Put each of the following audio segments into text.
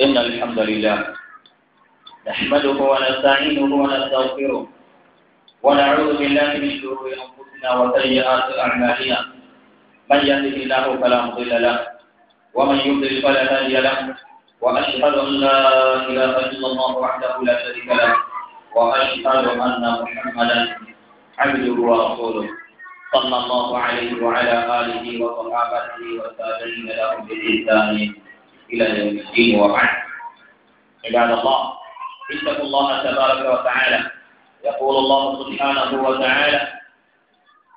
إن الحمد لله نحمده ونستعينه ونستغفره ونعوذ بالله من شرور أنفسنا وسيئات أعمالنا من يهده الله فلا مضل له ومن يضلل فلا هادي له وأشهد أن لا إله إلا الله وحده لا شريك له وأشهد أن محمدا عبده ورسوله صلى الله عليه وعلى آله وصحابته والتابعين لهم بإحسان إلى يوم الدين وبعد عباد الله اتقوا الله تبارك وتعالى يقول الله سبحانه وتعالى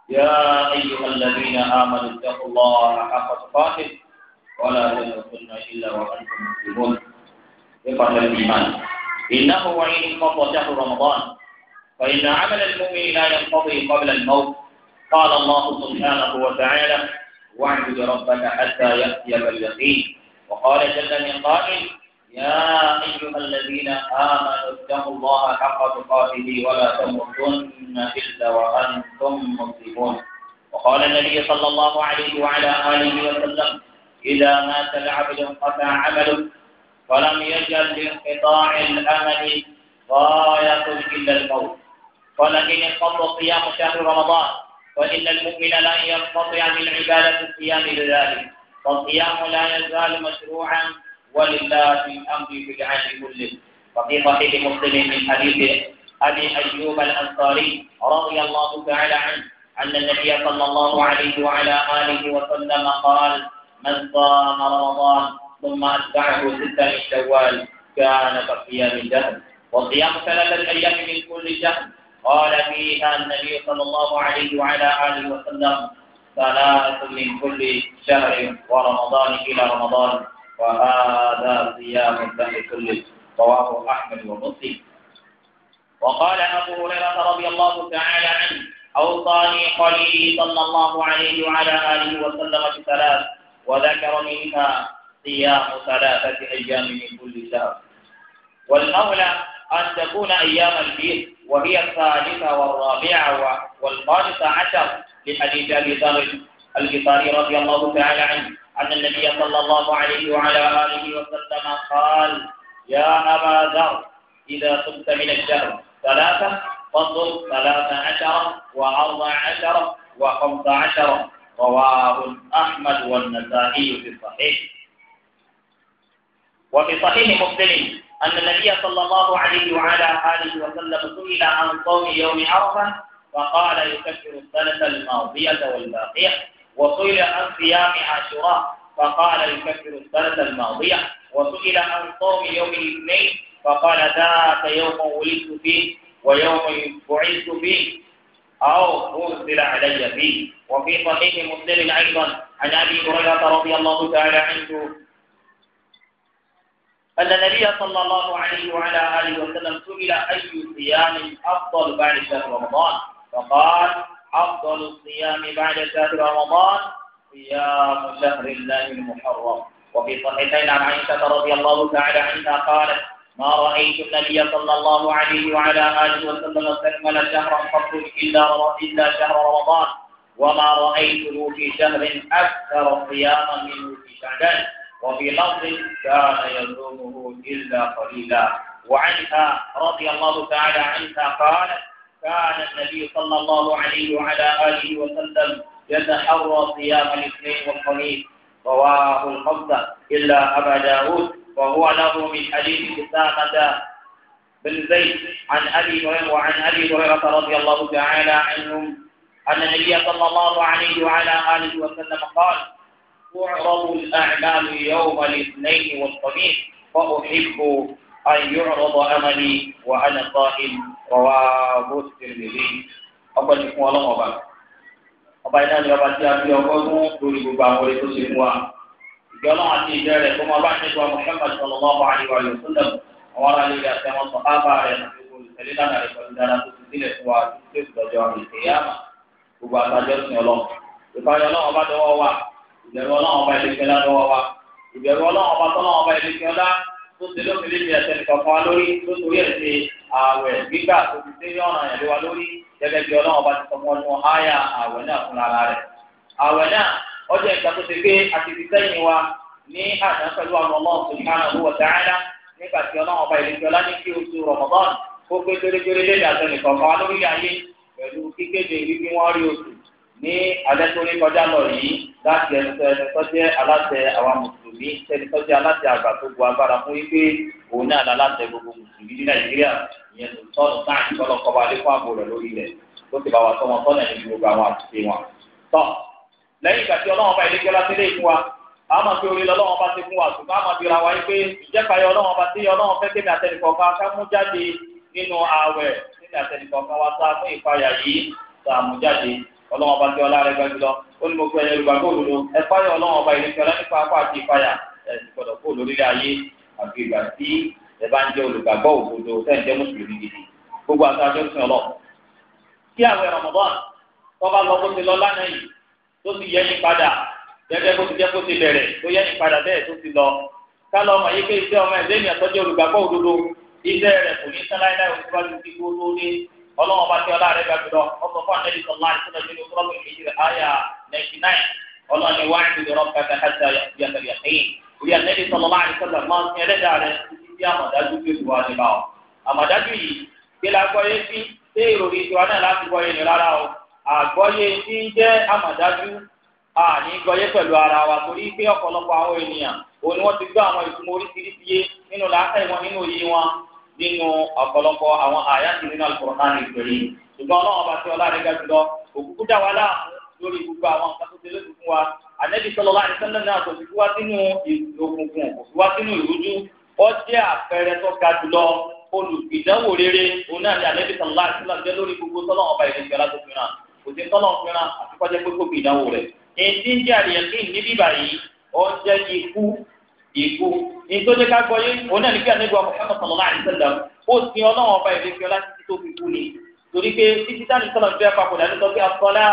يا أيها الذين آمنوا اتقوا الله حق تقاته ولا تموتن إلا وأنتم مسلمون إخوة الإيمان إنه وإن انقضى شهر رمضان فإن عمل المؤمن لا ينقضي قبل الموت قال الله سبحانه وتعالى واعبد ربك حتى يأتيك اليقين وقال جل من قائل يا أيها الذين آمنوا اتقوا الله حق تقاته ولا تموتن إلا وأنتم مسلمون وقال النبي صلى الله عليه وعلى آله وسلم إذا مات العبد انقطع عمله ولم يجد لانقطاع الأمل غاية إلا الموت ولكن قبل صيام شهر رمضان وإن المؤمن لن ينقطع من عبادة الصيام لذلك فالقيام لا يزال مشروعا ولله الامر في العهد كله وفي صحيح مسلم من حديث ابي ايوب الانصاري رضي الله تعالى عنه ان النبي صلى الله عليه وعلى اله وسلم قال من صام رمضان ثم اتبعه ستا من شوال كان كقيام الدهر وصيام ثلاثه ايام من كل شهر قال فيها النبي صلى الله عليه وعلى اله وسلم ثلاث من كل شهر ورمضان إلى رمضان وهذا صيام الدهر كله رواه أحمد ومسلم وقال أبو هريرة رضي الله تعالى عنه أوصاني خليلي صلى الله عليه وعلى آله وسلم بثلاث وذكر منها صيام ثلاثة أيام من كل شهر والأولى أن تكون أيام البيت وهي الثالثة والرابعة والخامسة عشر لحديث أبي ذر البخاري رضي الله تعالى عنه أن النبي صلى الله عليه وعلى آله وسلم قال يا أبا ذر إذا صبت من الشهر ثلاثة فصل ثلاث عشر وأربع عشر وخمس عشر رواه أحمد والنسائي في الصحيح وفي صحيح مسلم أن النبي صلى الله عليه وعلى آله وسلم سئل عن صوم يوم عرفة فقال يكفر السنة الماضية والباقية وسئل عن صيام عاشوراء فقال يكفر السنة الماضية وسئل عن صوم يوم الاثنين فقال ذاك يوم ولدت فيه ويوم بعثت فيه أو أرسل علي فيه وفي صحيح مسلم أيضا عن أبي هريرة رضي الله تعالى عنه أن النبي صلى الله عليه وعلى آله وسلم سئل أي صيام أفضل بعد شهر رمضان فقال أفضل الصيام بعد شهر رمضان صيام شهر الله المحرم وفي صحيحين عن عائشة رضي الله تعالى عنها قالت ما رأيت النبي صلى الله عليه وعلى آله وسلم استكمل شهرا قط إلا إلا شهر رمضان وما رأيته في شهر أكثر صياما منه في شعبان وفي لفظ كان يزومه إلا قليلا وعنها رضي الله تعالى عنها قالت كان النبي صلى الله عليه وعلى آله وسلم يتحرى صيام الاثنين والخميس رواه الخمسة إلا أبا داود وهو له من حديث أسامة بن زيد عن أبي هريرة وعن أبي هريرة رضي الله تعالى عنهم أن النبي صلى الله عليه وعلى آله وسلم قال تعرض الأعمال يوم الاثنين والخميس فأحب أن يعرض أملي وأنا صائم رواه الترمذي ọpẹ́ ti fún ọlọ́run ọba ọba iná ni ọba tí a fi ọgọ́rùn lórí gbogbo àwọn orí tó ṣe fún wa ìgbẹ́ ọlọ́run àti ìjẹ́ rẹ̀ tó máa bá nígbà Muhammad sallallahu alaihi wa sallam àwọn ará ilé àti àwọn sọ̀hábà rẹ̀ àti gbogbo olùtẹ̀lé lánàá rẹ̀ pẹ̀lú dára tó ti sílẹ̀ fún wa tó ti tẹ̀sí ọjọ́ ìṣèyàmà gbogbo àtàjọ́ sí ọlọ́run ìbáyọ̀ ọlọ́run ọba dọwọ́ wa ìbẹ̀rù ọlọ́run ọba ìlẹ̀kẹ́ ọlá lọ́wọ́ wa ìbẹ̀rù ọlọ́run ọba tọ́lọ́run ọba ìlẹ̀kẹ́ ọlá tó ṣe lófin lè yẹ sẹ́ni kankan wa lórí tó torí ẹ̀ ṣe ààwẹ̀ gbígbà tó fi ṣe ọ̀nà yẹn lé wa lórí gẹ́gẹ́ bí ọlọ́run ọba ti sọ fún ọdún áyà ààwẹ̀ náà fún ara rẹ̀ ààwẹ̀ náà ọjọ́ ìgbà tó ṣe pé a ti fi sẹ́yìn wa ní àná pẹ̀lú ní alẹ́ tó rí kọjá lọ yìí láti ẹni tó jẹ́ aláṣẹ àwọn mùsùlùmí ẹni tó jẹ́ aláṣẹ àgbà tó bu agbára fún wípé òun náà láláṣẹ gbogbo mùsùlùmí ní nàìjíríà ìyẹn tó tọ́nù náà ìtọ́nà kọ́ba alékún ààbò rẹ̀ lórí rẹ̀ tó ti bá wa tọ́ wọn tọ́nà ní gbogbo àwọn àtúnṣe wọn. tọ́ lẹ́yìn ìgbà tí ọlọ́run bá ilé kí ọlá sílé fún wa àmọ́ pé orí lọ́lọ́run bá ti fún wa ṣùgbọ́n àmọ́ bíra wa pé ìjẹ́pàyọ ọlọ́run bá ti ọlọ́run fẹ́ kémi àtẹnìkọ̀ọ̀kan ká jáde nínú ààwẹ̀ nígbà àtẹnìkọ̀ọ̀kan wa sá fún ìpayà yìí sàmújáde ọlọ́wọ́n bá ti ọlá rẹ̀ gbẹ́jú lọ ó ní mo fẹ́ yorùbá góòlù lọ ẹ fáyọ̀ ọlọ́wọ́n bá ilé fiọlá nípa apá àti ìfàyà ẹ ti gbọdọ̀ kó lórí ayé àti ìgbà tí ẹ bá ń jẹ́ olùgbàgbọ́ òdodo fẹ́ jẹ́ mùsùlùmí gidi gbogbo àtàjọ sìn ọlọ kí àwẹ̀ Ramadan tó bá lọ bó ti lọ lánàá yìí tó ti yẹ ní padà gẹ́gẹ́ bó ti jẹ́ kó ti bẹ̀rẹ̀ tó yẹ ní padà bẹ́ẹ̀ tó ti lọ kálọ ọmọ yìí pé iṣẹ́ ọmọ ẹ̀dẹ́ ènìyàn ọlọ́wọ́n bá tẹ ọlá rẹ̀ gbà jùlọ ọkọ̀ fún anabi sọlá ìṣúná nínú kúrọ́bù ìṣirò àyà ninety nine ọlọ́ni wáyé ti lọ́rọ́ kẹta kẹta yàtọ̀ yàtẹ̀yìn orí anabi sọlá ìṣúná máa ń fi ẹlẹ́dà rẹ̀ títí bí àmọ̀dájú bí òṣùwà ni bá ọ. àmọ̀dájú yìí kí la gbọ́ yé sí ṣé ìròyìn ìṣúra náà láti gbọ́ ni rárá o àgbọ́yé tí ń jẹ́ àmọ̀dájú àní gbọ́yé pẹ̀lú ara wa torí pé ọ̀pọ̀lọpọ̀ àwọn ènìyàn òun ni wọ́n ti gbọ́ àwọn ìtumọ̀ oríṣiríṣi nínú làákàyè wọn nínú òye wọn nínú ọ̀pọ̀lọpọ̀ àwọn àyàtì nínú Al-Qur'an ìgbèrè ṣùgbọ́n ọlọ́run ọba tí ọlá rẹ̀ ga jùlọ òkúkú dà wá láàmú lórí gbogbo àwọn nǹkan tó tẹlẹ fún wa Ànábì sallallahu alaihi wasallam náà kò sí wá sínú òkùnkùn kò sí wá sínú ìrújú ó jẹ́ àpẹẹrẹ tó ga jùlọ olùgbìdánwò rere òun náà ni Ànábì sallallahu alaihi wasallam jẹ́ lórí gbogbo tọ́lọ́ ọba ìrẹsì alágbèfínà kò sí tọ́lọ́ fínà àti pé kò gbìdánwò rẹ̀ èyí tí ń jẹ́ àríyànjú níbí báyìí ó jẹ́ ikú ikú nítorí ká gbọ́ yé òun náà ní kí ànágbé ọkọ̀ fún ọ̀sán lọ́la àdìsẹ́lẹ̀ ó sin ọlọ́wọ́n ọba ìlú fiọ́lá títí tó fi kú ni torí pé títí táni sọ̀rọ̀ ń bẹ́ẹ̀ papọ̀ dàdí sọ pé asọ́lá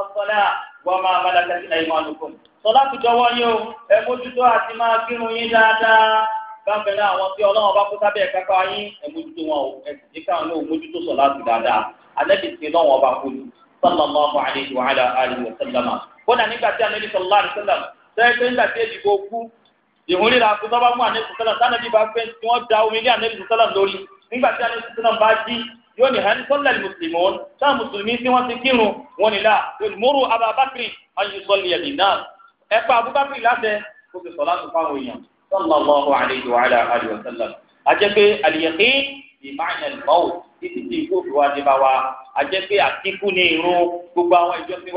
asọ́lá wọ́n máa máa dàgbà sí àyè máa nùkọ́. sọlá ti dọwọ́ yín o ẹ mójútó àti máa kírun yín dáadáa báńkẹ́ náà àwọn tí ọlọ́wọ́n bá kú sábẹ́ kápá yín ẹ mójútó wọn o ẹ sì jẹ́ káwọn náà mójútó sọlá ti dáadáa alẹ́bí sallallahu alayhi wa ala alihi wa sallam. kódà nígbà tí anabi sallallahu alayhi wa sallam sẹ́yìn ìmúríra akutọ́ bá mú ànẹ́sì sọ́lá sánàbí bá pẹ́ tí wọ́n da omi lé ànẹ́sì sọ́lá lórí nígbà tí ànẹ́sì sọ́lá bá jí yóò ní hàn sọ́lá mùsùlùmí sáà mùsùlùmí tí wọ́n ti kírun wọn nílà múrù ababakiri ayùsọ̀lì ẹ̀mí náà ẹ pa abubakiri láṣẹ kó fi sọ̀lá tó fáwọn èèyàn sallallahu alayhi wa alayhi wa sallam ajẹ́ pé àlìyẹ̀kí ìmáyà lọ́wọ́ títí tí ikú òfin wa ti bá wa ajẹ́ pé àtikú ní irun gbogbo àwọn ìjọsìn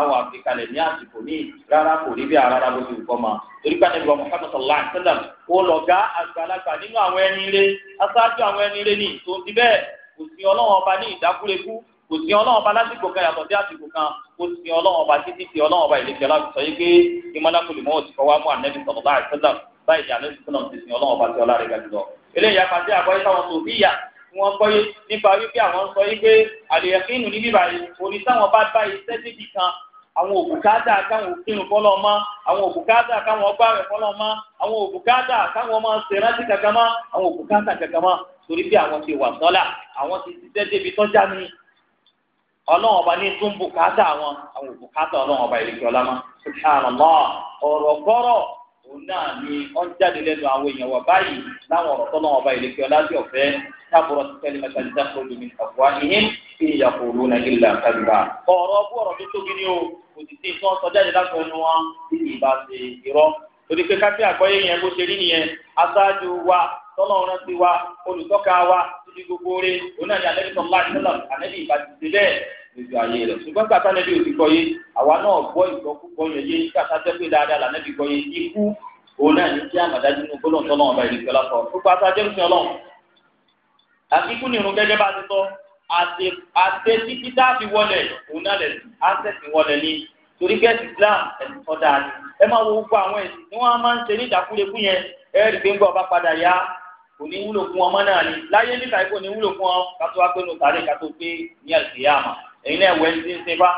àwọn àfikalẹ̀ ní àsìkò ní rárá kò rí bí ara rábò yìí kọ́mà torí pé ànábì Muhammad sallallahu alaihi wasallam ó lọ̀gá àgbàlagbà nínú àwọn ẹni ilé aṣáájú àwọn ẹni ilé ní tó ti bẹ́ẹ̀ kò sí ọlọ́wọ́n ọba ní ìdákúrekú kò sí ọlọ́wọ́n ọba lásìkò kan yàtọ̀ sí àsìkò kan kò sí ọlọ́wọ́n ọba títí sí ọlọ́wọ́n ọba ìlẹ́kẹ̀ láti sọ yìí pé ìmọ̀lákùnrin mọ́ òsì kọ́wá mú ànábì sallallahu alaihi wasallam báyìí ànábì sallallahu ti sin ọlọ́wọ́n ọba tí ọlá rẹ̀ ga jùlọ. eléyìí nípa wípé àwọn sọ yìí pé àlèyàkínú ní bíbáyìí òní táwọn bá bá iṣẹ́ níbi kan àwọn òbùkátà káwọn òfin fọlọ mọ àwọn òbùkátà káwọn ọgbàrẹ fọlọ mọ àwọn òbùkátà káwọn ọmọ sèrántì kankan mọ àwọn òbùkátà kankan mọ torí bí àwọn ti wà sọlá àwọn ti ṣiṣẹ́ débi tọjá mi ọlọ́run ọba ní tún òun náà ni wọ́n jáde lẹ́nu àwọn èèyàn wà báyìí láwọn ọ̀rọ̀ tọ́lọ́ ọba ìlẹ́kẹ́ ọlájú ọ̀fẹ́ tábùrọ̀ ti tẹ́lẹ̀ mẹ́ta ní dáko lómi àbúrò ìhín kí ìyàkóró náà kí lè ká gbà. ọ̀rọ̀ ọgbọ́ ọ̀rọ̀ tó tóbi ni o kò sì sí nǹkan sọ jáde láti ẹnu wọn tí kì í ṣe irọ́. torí pé káfí àgbọ́yé yẹn bó ṣe rí nìyẹn aṣáájú wa tọ́lọ́run ti ti gbogbo rẹ òun náà ní alẹ́ sọ máa nílò ànẹ́bí ìbá ti ṣe bẹ́ẹ̀ lójú ayé rẹ̀ ṣùgbọ́n kàtà nẹ́bí ò ti kọ́ yé àwa náà gbọ́ ìgbọ́kúgbọ́ yẹn yé kàtà tẹ́ pé dáadáa là nẹ́bí kọ́ yé ikú òun náà ní kí àmàdájú nínú gbólóhùn tọ́lọ́ ọba ìrìnkẹ́ lọ́sọ̀ gbogbo àtàjẹ́ ń sin ọlọ́run àfikú nìrún gẹ́gẹ́ bá ti sọ àti títí dáàbì wọlé òun náà lẹ̀ àṣẹ̀sì wọlé ní torí gẹ́ẹ̀sì Islam ẹ̀sìn tó dáa ẹ máa wo gbogbo àwọn ẹ̀sìn tí wọ́n máa ń ṣe ní ìdákúrekú yẹn ẹ̀ẹ́dì gbẹ́ngbọ́ ọba padà yá kò ní wúlò fún ọmọ náà ni láyé níta kò ní wúlò fún ọ kátó wá pé nu sàárè kátó pé ní àìsíyá àmà ẹ̀yin náà ẹ̀wẹ̀ ń ti ń sin fa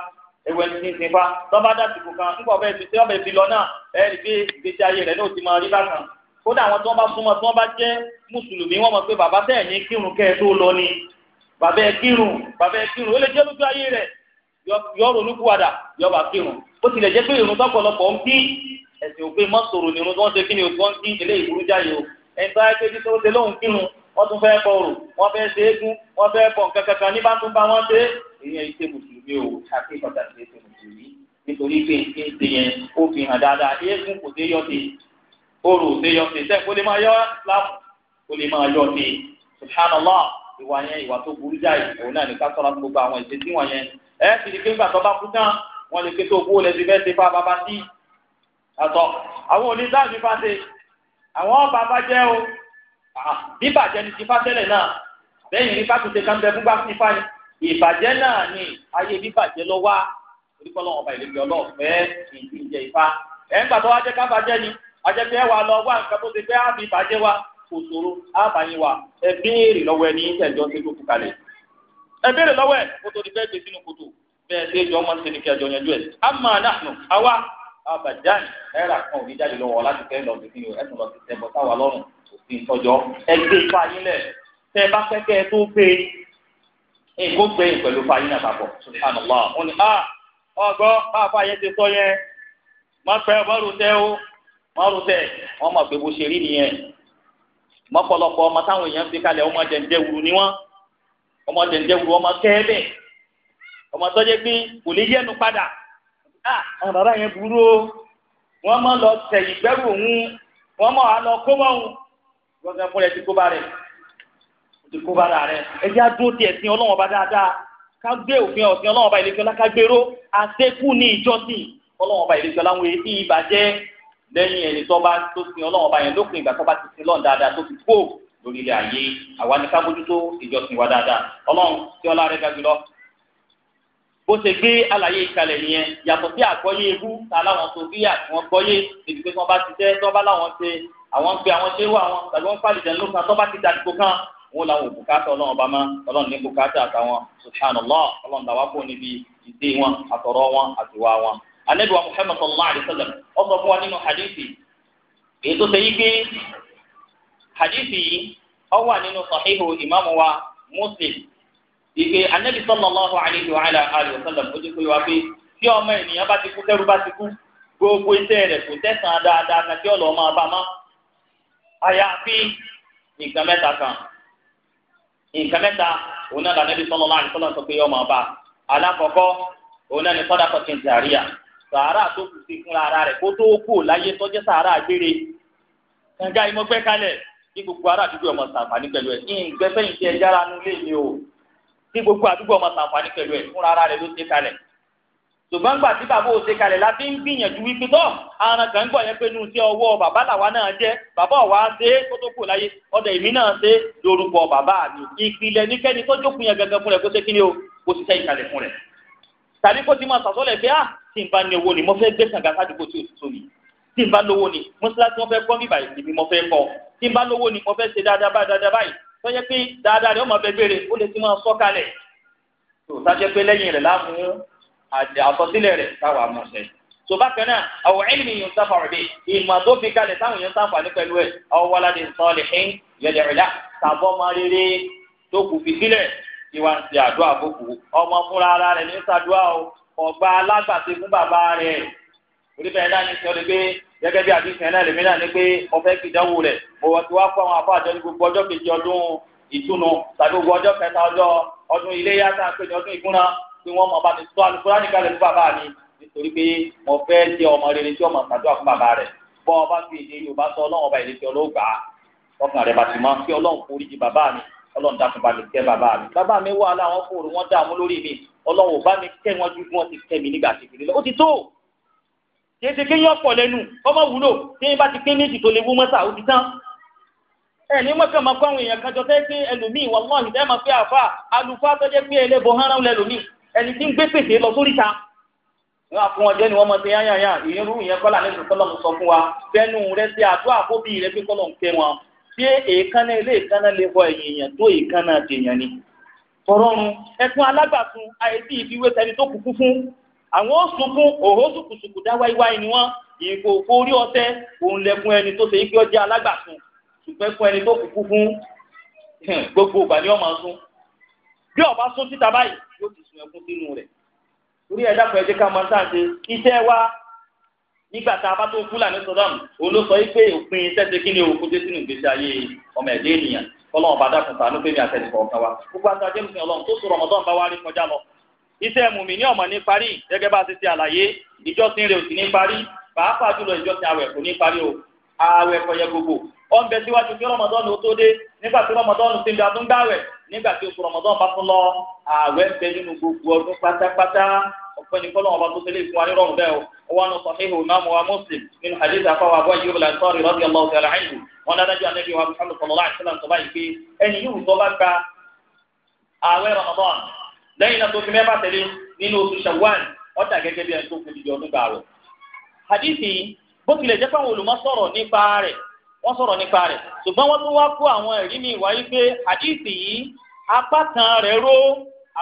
ẹ̀wẹ̀ ń ti ń sin fa tọ́ba dàsìkò kan nípa ọbẹ̀ ti tẹ́ ọbẹ̀ ti lọ náà ẹ̀ rí pé ìgbésí ayé rẹ̀ náà ti máa rí bákan kódà àwọn tí wọ́n bá súnmọ́ tí wọ́n bá jẹ́ mùsùlùmí wọ́n mọ̀ pé bàbá tẹ̀ ní kírun kẹ́ ẹ̀ńtọ́ ayépéjú tó ṣe lóhùn kírun wọ́n tún fẹ́ bọ òrò wọ́n fẹ́ ṣe é gún wọ́n fẹ́ bọ nǹkan kankan ní bá tún bá wọ́n ṣe èèyàn ìṣe mùsùlùmí o àti pàtàkì ìṣe mùsùlùmí nítorí pé ìṣe ń ṣe yẹn ó fi hàn dáadáa eégún kò dé yọ ti òrò dé yọ ti sẹ́ẹ̀ kó lè máa yọ láàmú kó lè máa yọ ti subhanallah ìwà yẹn ìwà tó burú jáì òun náà ní ká sọ́ra gbogbo àwọn ìṣe tí wọ́n yẹn ẹ ti di pé nígbà tó bá kú tán wọ́n lè ké tó owó lẹ́sìn fẹ́ẹ́ ṣe fá bàbá sí àtọ̀ àwọn oníṣáàbí fá ṣe àwọn bàbá jẹ́ o ah, bíbàjẹ́ ni tifa tẹ́lẹ̀ náà lẹ́yìn ní fásitì kan bẹ fún gbà fún ni ìbàjẹ́ náà ni ayé bíbàjẹ́ lọ wá oníkọ́lọ́ ọba ìlẹ́gbẹ̀ẹ́ ọlọ́ọ̀fẹ́ ìdí ìjẹ ifá ẹ̀ ń gbà tó wá jẹ́ kábàjẹ́ ni ajẹ́pẹ́ wa lọ wá nǹkan tó ti fẹ́ àbí ìbàjẹ́ wa kò ṣòro àbáyín wa ẹ béèrè lọ́wọ́ ẹ ní ìtẹ̀jọ́ sí tó kù kalẹ̀ ẹ béèrè lọ́wọ́ ẹ kó tó ti fẹ́ gbé sínú kòtò bẹ́ẹ̀ ṣe jọ ọmọ sínú yẹn jù ẹ̀ abadan náírà kan ò ní jáde lọ́wọ́ láti fẹ́ lọ sí kíni o ẹ̀sùn lọ sí tẹ̀bọ̀ táwa lọ́rùn òfin ìtọ́jọ́ ẹgbẹ́ fáyín lẹ̀ tẹ́ ẹ bá kẹ́kẹ́ tó gbé èkó gbé pẹ̀lú fáyín náà papọ̀ subhanallah wọn ni a ọgbọ́ bá a fáyẹ́ ti sọ yẹn má fẹ́ ọ má rò tẹ́ o má rò tẹ́ wọ́n mọ̀ pé bó ṣe rí nìyẹn mọ́pọ̀lọpọ̀ ọmọ táwọn èèyàn fi kalẹ̀ ọmọ dẹ̀ǹdẹ̀ wuru ni wọ́n ọmọ dẹ̀ǹdẹ̀ wuru ọmọ kẹ́ẹ́ ọmọ tọ́jú pé kò lè yẹnu padà àwọn bàbá yẹn burú o wọ́n mọ̀ lọ tẹ̀yìn gbẹ́rù òun wọ́n mọ̀ á lọ kó mọ́ òun gbọ́dọ̀ fún ẹ ti kó bá rẹ̀ ti kó bá rà rẹ̀ ẹ jẹ́ àdúró tiẹ̀ sí ọlọ́wọ́n bá dáadáa ká gbé òfin ọ̀sìn ọlọ́wọ́n bá ìlẹ́kẹ́ ọlá ká gbèrò àtẹ́kù ní ìjọsìn ọlọ́wọ́n bá ìlẹ́kẹ́ ọlá wọn èyí ìbàjẹ́ lẹ́yìn ẹni tó bá tó sin ọlọ́wọ́n bá yẹn lópin ìgbà tó bá ti sin lọ́n dáadáa tó ti kó lórílẹ̀ ayé àwa ni ká bójútó ìjọsìn wa dáadáa ọlọ́run tí ọlá rẹ̀ ga jùlọ bó ṣe gbé àlàyé ìkàlẹ̀ nìyẹn yàtọ̀ sí àgbọ́yé ewu ta láwọn sofiya tí wọ́n gbọ́yé èdè pé tí wọ́n bá ti tẹ́ tí wọ́n bá láwọn ṣe àwọn gbé àwọn ṣe wà wọn tàbí wọ́n pàlì jẹun lókan tó bá ti dàdìgbò kan wọn làwọn òkú káàtà ọlọ́run ọba mọ́ ọlọ́run ní kó káàtà àtàwọn subhanallah ọlọ́run làwọn kò níbi ìdè wọn àtọ̀rọ̀ wọn àtiwá wọn. anabi wa muhammad ìgbé anabi sallallahu alayhi wa ala alihi wa sallam ó ti pè wá pé tí ọmọ ènìyàn bá ti kú tẹ́rú bá ti kú gbogbo iṣẹ́ rẹ̀ kò tẹ̀sán dáadáa kan tí ọlọ́ọ̀ máa bá má àyàfi nǹkan mẹ́ta kan nǹkan mẹ́ta òun náà lànà ibi sallallahu alayhi wa sallam sọ pé yọ máa bá alákọ̀ọ́kọ́ òun náà ni sadaqatin jariyah sàárà tó kù sí fúnra ara rẹ̀ kó tó kù láyé tọ́jú sàárà gbére kànga ìmọ̀gbẹ́ kí gbogbo ará àdúgbò ọmọ sàǹfààní tí gbogbo àdúgbò ọmọ sàǹfààní pẹ̀lú ẹ̀ fúnra ara rẹ̀ ló ṣe kalẹ̀ ṣùgbọ́n gbà tí bàbá ò ṣe kalẹ̀ la fi ń gbìyànjú wípé tọ́ àrùn kan gbọ̀ yẹn pé nu sí ọwọ́ bàbá làwa náà jẹ́ bàbá ọ̀wá ṣe é kó tó kù láyé ọ̀dọ̀ èmi náà ṣe lórúkọ bàbá mi ìpìlẹ̀ níkẹ́ni tó jókòó yẹn gangan fún rẹ̀ kó ṣe kí ni o kó ṣiṣẹ́ ìkàlẹ̀ fún rẹ̀ tàbí kó ti máa sàsọ́lẹ̀ pé ah tí n bá ní owó ni mo fẹ́ gbé kànga sádùúgbò tí o ti sómi tí n bá lówó ni mọ́ṣáláṣí wọn fẹ́ kọ́ mi báyìí ni mo fẹ́ kọ́ tí n bá lówó ni mo fẹ́ ṣe dáadáa báyìí dáadáa báyìí tó yẹ pé dáadáa rẹ̀ ó máa bẹ gbére ó lè ti máa sọ kalẹ̀ tó sájẹ́ pé lẹ́yìn rẹ̀ láàmú àsọsílẹ̀ rẹ̀ táwa mọ̀ sẹ́ tó bákan náà àwọn ẹ̀mí yìí ń sáfà rẹ̀ ìmọ̀ tó fi kalẹ̀ táwọn yẹn ń sáfàní pẹ̀lú ẹ̀ àwọn wàládì sọ́ọ̀lì ẹ̀ń yẹlẹ̀ rẹ̀ lá tàbọ̀ máa rere tó kù fi sílẹ̀ ìwà ń ti àdúrà fòkù ọmọ fúnra ara rẹ̀ ní sàdúrà ọgbà alágbàtì fún bàbá rẹ̀ orí bẹ́ẹ̀ dání sọ́ọ́ gẹ́gẹ́ bí àdìsí ẹ̀ náà lèmi náà ni pé ọ̀fẹ́ kìdánwò rẹ̀ mo wọ́n ti wá fún àwọn afọ àjọ ní gbogbo ọjọ́ kejì ọdún ìtúnu tàbí gbogbo ọjọ́ kẹta ọjọ́ ọdún iléyá tá a pè ní ọdún ìgúnra pé wọ́n mọ̀ bá mi sọ alukóra nìkan lè fún bàbá mi nítorí pé mo fẹ́ jẹ ọmọ rere tí ọmọ sàdúrà fún bàbá rẹ̀ bọ́ ọba fi èdè Yorùbá sọ ọlọ́run ọba ìlẹ́tì ọlọ́gbà ọkàn rẹ̀ bàtì máa ń fi ọlọ́run forí jì bàbá mi ọlọ́run dákun bá mi kẹ́ ti kẹ́ mi nígbà kìí ṣe kéyìn ọ̀pọ̀ lẹ́nu ọmọ wúlò kéyìn bá ti pín méjì tó lè wú mọ́sà ó ti tán. ẹ ní mọ̀kàn máa kó àwọn èèyàn kan jọ tẹ́ pé ẹlòmíì wà wọ́n ìdá máa fẹ́ àfa alufa tó jẹ́ pé ẹlẹ́bọ̀ hánrán lẹ́lòmíì ẹni tí ń gbé pèsè lọ sórí ta. wọn àfún wọn jẹ́ ni wọ́n mọ̀ sí yányányá ìrú ìyẹn kọ́là ní ìsọ̀kọ́lọ́mù sọ fún wa fẹ́nu rẹ sí àdó àkóbí rẹ pé kọ́lọ̀ ń kẹ́ wọn ṣé èékánná ilé èékánná lè wọ ẹ̀yìn èèyàn tó èékánná tèèyàn ni. tọrọrun ẹkún alágbàtún àìsí ìfiwé tẹni tó kúkú fún àwọn òsùnkún òhó sùkùsùkù dá wáíwáí ni wọ́n ìkò forí ọtẹ òun lẹkùn ẹni tó ṣe é kí ọ jẹ alágbàsùn ṣùgbọ́n fún ẹni tó kúkú fún gbogbo ìgbà ni ọ máa sún bí ọba sún síta báyìí yóò ti sùn ẹkún sínú rẹ̀ torí ẹ dákun ẹ jẹ́ ká máa ń sáǹsẹ iṣẹ́ wa nígbà tá a bá tó fúlàní sọdọm òun ló sọ yìí pé òpin iṣẹ́ ṣe kí ni òkú dé sínú ìgbésí ayé ọmọ ẹdẹ ènìyàn kọlọmọba dákun sànú pé mi àtẹnìkọ ọkàn wa gbogbo àti ajẹmísìn Ọlọ́run tó sọ Ramadan bá wá rí kọjá lọ iṣẹ́ mùmí ní ọ̀mọ̀ ní parí gẹ́gẹ́ bá a ṣe ṣe àlàyé ìjọsìn rẹ̀ ò sì ní parí pàápàá jùlọ ìjọsìn àwẹ̀ kò ní parí o àwẹ̀ kọ̀yẹ gbogbo ó ń bẹ síwájú kí rọmọdọ́nù ó tó dé nígbà tí rọmọdọ́nù ti ń da tó ń nígbà tí oṣù rọmọdọ́nù bá tún lọ àwẹ̀ ń bẹ nínú gbogbo ọdún pátápátá ọ̀pẹ́ ní ọba tó lẹ́yìn náà tó fi mẹ́fà tẹ̀lé nínú oṣù Shawwal ó dà bí ẹni tó fi dìde ọdún gbàrọ̀. hadithi bó tilẹ̀ jẹ́ fáwọn olùmọ̀ sọ̀rọ̀ nípa rẹ̀ wọ́n sọ̀rọ̀ nípa rẹ̀ ṣùgbọ́n wọ́n tún wá kó àwọn ẹ̀rí mi wáyé pé hadithi yìí apá kan rẹ̀ ró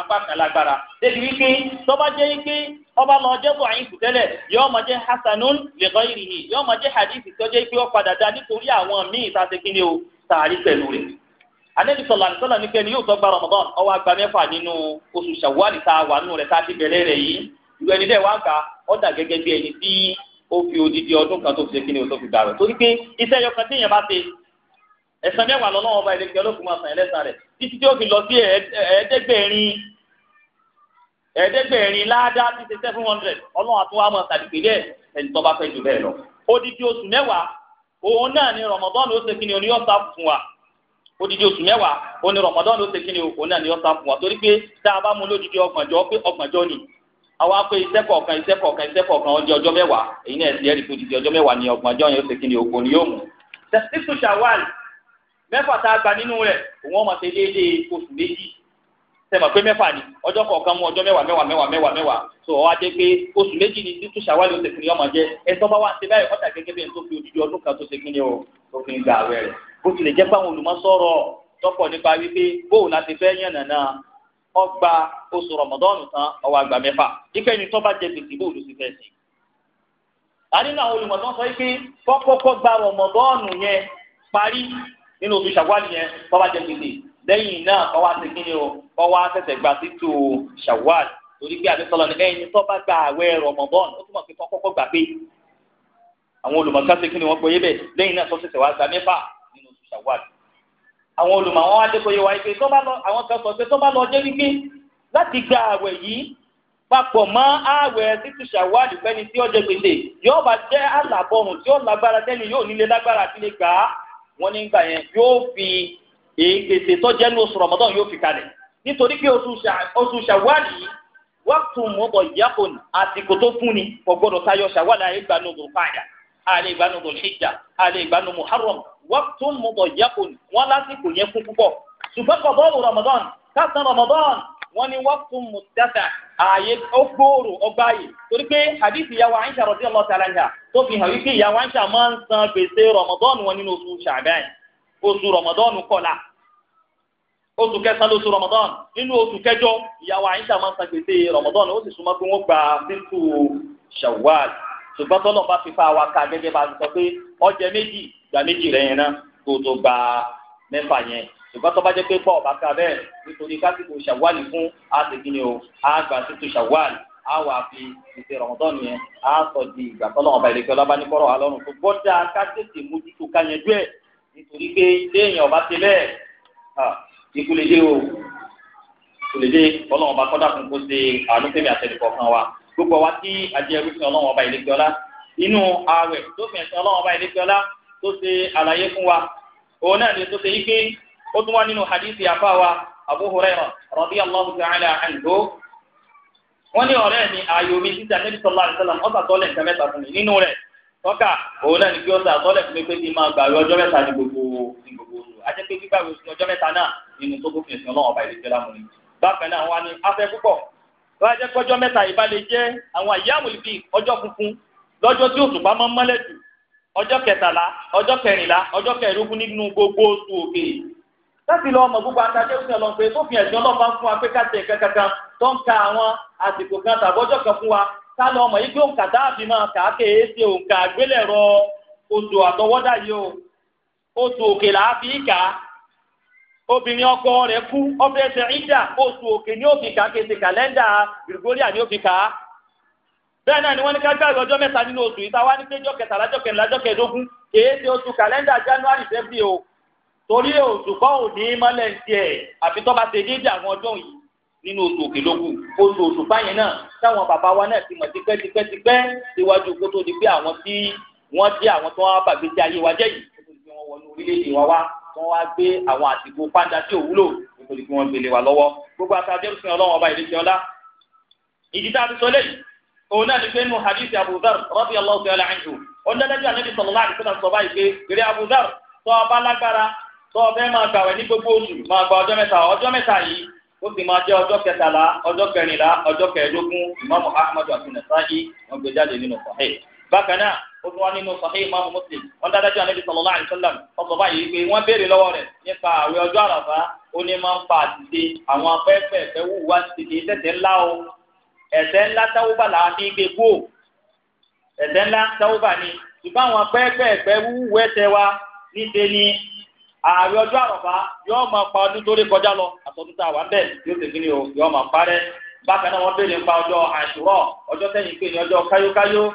apá kan lágbára débi wípé tọ́ba jẹ́ wípé ọba lọ jẹ́ bọ̀ àyín kù tẹ́lẹ̀ yọ́ọ́ máa jẹ́ hasanun li ghairihi yọ́ọ́ máa jẹ́ hadithi tó jẹ́ pé ó padà dá nítorí àwọn míì tá a ti kí ni o tààrí pẹ̀lú rẹ̀ anabi sọlá àdìsọlá ní kẹni yóò tọ́ gba rọmọdán ọwọ́ agba mẹ́fà nínú oṣù sàwálì tá a wà nínú rẹ̀ tá a ti bẹ̀rẹ̀ rẹ̀ yìí ìwé ẹni dẹ́ wá gbà ọ́ gẹ́gẹ́ bí ẹni tí ó fi odidi ọdún kan tó fi ṣe kí ni o tó fi gbà rẹ̀ torí pé iṣẹ́ yọkan tí èèyàn bá ṣe ẹ̀sán mẹ́wàá lọ́lọ́wọ́ ọba ilé kí ọlọ́kùnrin máa sàn ẹlẹ́sàn rẹ̀ títí tí ó fi lọ sí ẹ̀ẹ́dẹ́gbẹ̀rin ẹ̀ẹ́dẹ́gbẹ̀rin ládàá ti ṣe seven hundred ọlọ́run àti wàá mọ̀ ni rọmọdọ́nù ó ṣe kí ni odidi oṣù mẹ́wàá ó ní Ramadan ló ṣe kí ni o òun náà ni ó sá fún wa torí pé tá a bá mú lódidi ọgbọ̀njọ́ pé ọgbọ̀njọ́ ni àwa pé iṣẹ́ kọ̀ọ̀kan iṣẹ́ kọ̀ọ̀kan iṣẹ́ kọ̀ọ̀kan ọjọ́ ọjọ́ mẹ́wàá èyí náà ẹ̀sìn ẹ̀rí pé odidi ọjọ́ mẹ́wàá ni ọgbọ̀njọ́ yẹn ó ṣe kí ni òkò ni yóò mú. tẹ̀sítù Shawwal mẹ́fà tá a gbà nínú rẹ̀ òun ọmọ ṣe déédéé oṣù méjì sẹ́mọ̀ pé mẹ́fà ni ọjọ́ kọ̀ọ̀kan mú ọjọ́ mẹ́wàá mẹ́wàá mẹ́wàá mẹ́wàá mẹ́wàá tó ọ wá jẹ́ pé oṣù méjì ni títún ṣàwálì oṣù kìnìún ọmọ jẹ́ ẹ tó bá wà ṣe báyìí ọ̀tà gẹ́gẹ́ bí ẹni tó fi odidi ọdún kan tó ṣe kìnìún ọdún kìnìún gbà àwẹ̀ rẹ̀ bó tilẹ̀ jẹ́ pé àwọn olùmọ̀sọ̀rọ̀ tọ́pọ̀ nípa wípé bóun láti fẹ́ yànnàná ọgbà oṣù rọmọdọ́ọ̀nù tán ọwọ́ àgbà mẹ́fà ìkẹyìn tó bá jẹ gbèsè bóun ló sì fẹ́ sí. àdínà àwọn olùmọ̀sán sọ wípé kọ́kọ́kọ́ gba rọmọdọ́ọ̀nù yẹn parí nínú oṣù ṣàwálì yẹn tó bá jẹ gbèsè lẹ́yìn náà kọ́ wá sí kíni o kọ́ tẹ̀sẹ̀ gba títù ṣàwálì torí pé àdìsọ́lọ́ ni ẹ̀yin tó bá gba àwẹ̀ rọmọdọ́ọ̀nù ó túmọ̀ pé kọ́kọ́kọ́ gbà pé àwọn olùmọ̀sán wọ́n pọ̀ yé bẹ́ẹ̀ lẹ́yìn náà sọ Shawwal àwọn olùmọ̀ àwọn adékòye wa pé tó bá lọ àwọn kan sọ pé tó bá lọ jẹ́ wípé láti gba àwẹ̀ yìí papọ̀ mọ́ àwẹ̀ títù Shawwal fẹ́ni tí ó jẹ gbèsè yóò bá jẹ́ àlàbọ̀rùn tí ó lágbára tẹ́ni yóò nílé lágbára àti lè gbà á wọ́n ní gbà yẹn yóò fi ègbèsè tó jẹ́ ní oṣù Ramadan yóò fi kalẹ̀ nítorí pé oṣù Shawwal yìí wọ́n tún mọ́tò yẹ́kùn àsìkò tó fún ni kò gbọ́dọ̀ tayọ Shawwal ayé gbà ní ọdún fáyà àlè ìgbàanu bòlíjà àlè ìgbàanu muharram waqtun mudayyaqun wọn lásìkò yẹn kú púpọ̀ ṣùgbọ́n kọ̀ bọ́ọ̀lù ramadan kásán ramadan wọn ni waqtun muttasa ààyè ó gbòòrò ọgbà yìí torí pé hadith ìyàwó àyíṣà radiyallahu ta'ala anha tó fi hàn wípé ìyàwó àyíṣà máa ń san gbèsè ramadan wọn nínú oṣù ṣàbẹ́ẹ̀ oṣù ramadan kọ̀la oṣù kẹsàn-án lóṣù ramadan nínú oṣù kẹjọ ìyàwó àyíṣà máa ń san gbèsè ramadan ó sì súnmọ́ pé wọ́n gba bíntù shawwal ṣùgbọ́n tọ́lọ̀ bá fipá wa ká gẹ́gẹ́ bá sọ pé ọjẹ́ méjì gba méjì rẹ̀ yẹn náà kó o tó gba mẹ́fà yẹn ṣùgbọ́n tó bá jẹ́ pé bọ́ọ̀ bá ká bẹ́ẹ̀ nítorí kásìkò ṣàwálì fún àtìkíni o á gbà títú ṣàwálì á wà fi ìṣe rọ̀mọ́tọ́nù yẹn á sọ di ìgbà tọ́lọ̀ ọba ìlẹ̀kẹ́ ọlọ́ba ní kọ́rọ̀ alọ́run tó gbọ́dá ká tètè mójútó ká yẹn dú ẹ̀ nítorí pé léèyàn gbogbo wa tí àjẹ́ ẹrúfin ọlọ́run ọba ìlẹ́kẹ́ ọlá inú ààwẹ̀ tó fi ẹ̀sìn ọlọ́run ọba ìlẹ́kẹ́ ọlá tó ṣe àlàyé fún wa òun náà lè tó ṣe ike ó tún wá nínú hadith àfa wa Abu Hurairah radiyallahu ta'ala anhu wọ́n ní ọ̀rẹ́ mi ààyò mi títí àtẹ́bí sọ́lá àdìsọ́làm ọ̀sà tọ́lẹ̀ nǹkan mẹ́ta fún mi nínú rẹ̀ tọ́ka òun náà ní kí ọ̀sà tọ́lẹ̀ fún mi pé kí n máa gbàwé ọjọ́ mẹ́ta ní gbogbo ní gbogbo oṣù àti pé gbígbàwé oṣù ọjọ́ mẹ́ta náà nínú tó tó fi ẹ̀sìn ọlọ́run ọba ìlẹ́jọ́ lámúni. bákan wọ́n á jẹ́ pọ́jọ́ mẹ́ta ìbá lè jẹ́ àwọn àyàmùlì bíi ọjọ́ funfun lọ́jọ́ tí òṣùpá máa ń mọ́lẹ̀ jù ọjọ́ kẹtàlá ọjọ́ kẹrìnlá ọjọ́ kẹrìnlógún nínú gbogbo oṣù òkè láti lọ ọmọ gbogbo àtàjẹ òsì ọlọ́run pé sófin ẹ̀sìn ọlọ́run ń fún wa pé káṣẹ kankan tó ń ka àwọn àsìkò kan tàbọ́jọ́ kan fún wa ká lọ ọmọ yìí pé òǹkà dáàbì máa kà á kéé obìnrin ọkọ rẹ̀ kú ọbẹ̀ ẹsẹ̀ ìdá oṣù òkè ní òfin kà kéde kàlẹ́ndà Gregorian ní òfin kà á bẹ́ẹ̀ náà ni wọ́n ní ká gbàgbé ọjọ́ mẹ́ta nínú oṣù yìí táwa ní péjọ kẹtàlá jọ kẹrìnlá jọ kẹẹ̀dógún kèé ṣe oṣù kàlẹ́ndà January february o torí oṣù kọ́ ò ní mọ́lẹ̀ ń tiẹ̀ àfi tó bá ṣe déédéé àwọn ọjọ́ yìí nínú oṣù òkè lógún oṣù oṣù báyẹn náà táwọn bàbá wa náà ti mọ̀ tipẹ́ tipẹ́ tipẹ́ síwájú kó tó di pé àwọn tí wọ́n jẹ́ àwọn tó wá bàgbé ti ayé wa jẹ́ yìí kó tó di pé wọ́n wọnú orílẹ̀-èdè wa wá wọ́n wá gbé àwọn àsìkò pàǹdà tí ò wúlò nítorí pé wọ́n gbélé wa lọ́wọ́ gbogbo àtàjẹ́ òsìn ọlọ́run ọba ìdíje ọlá ìdí tá a fi sọ lẹ́yìn òun náà ni pé nínú hadith Abu Dharr radiyallahu ta'ala anhu ọ̀ndẹ́lẹ́jọ́ ànábì sallallahu alaihi wasallam sọ báyìí pé eré Abu Dharr tó ọba lágbára tó ọbẹ̀ máa gbàwẹ̀ ní gbogbo oṣù máa gba ọjọ́ mẹ́ta ọjọ́ mẹ́ta yìí ó sì máa jẹ́ ọjọ́ kẹtàlá ọjọ́ kẹrìnlá ọjọ́ kẹẹ̀ẹ́dógún Imam Ahmad àti Nasa'i wọn gbé jáde nínú Sahih bákan náà ó tún wá nínú sahih imaamu muslim wọn dájú anabi sallallahu alayhi wa sallam ọsọ báyìí pé wọn béèrè lọ́wọ́ rẹ̀ nípa àwẹ̀ ọjọ́ àràfà ó ní máa ń fa àtìsí àwọn afẹ́fẹ́ ẹ̀fẹ́ wùwá ti di tẹ̀tẹ̀ ńlá o ẹ̀ṣẹ̀ ńlá táwùbà làwọn fi gbé kú o ẹ̀ṣẹ̀ ńlá táwùbà ni ṣùgbọ́n àwọn afẹ́fẹ́ ẹ̀fẹ́ wùwú ẹ̀ṣẹ̀ wa níṣe ni ààrẹ ọjọ́ àrọ̀fá yóò máa pa ọdún tó rí kọjá lọ àtọ́dún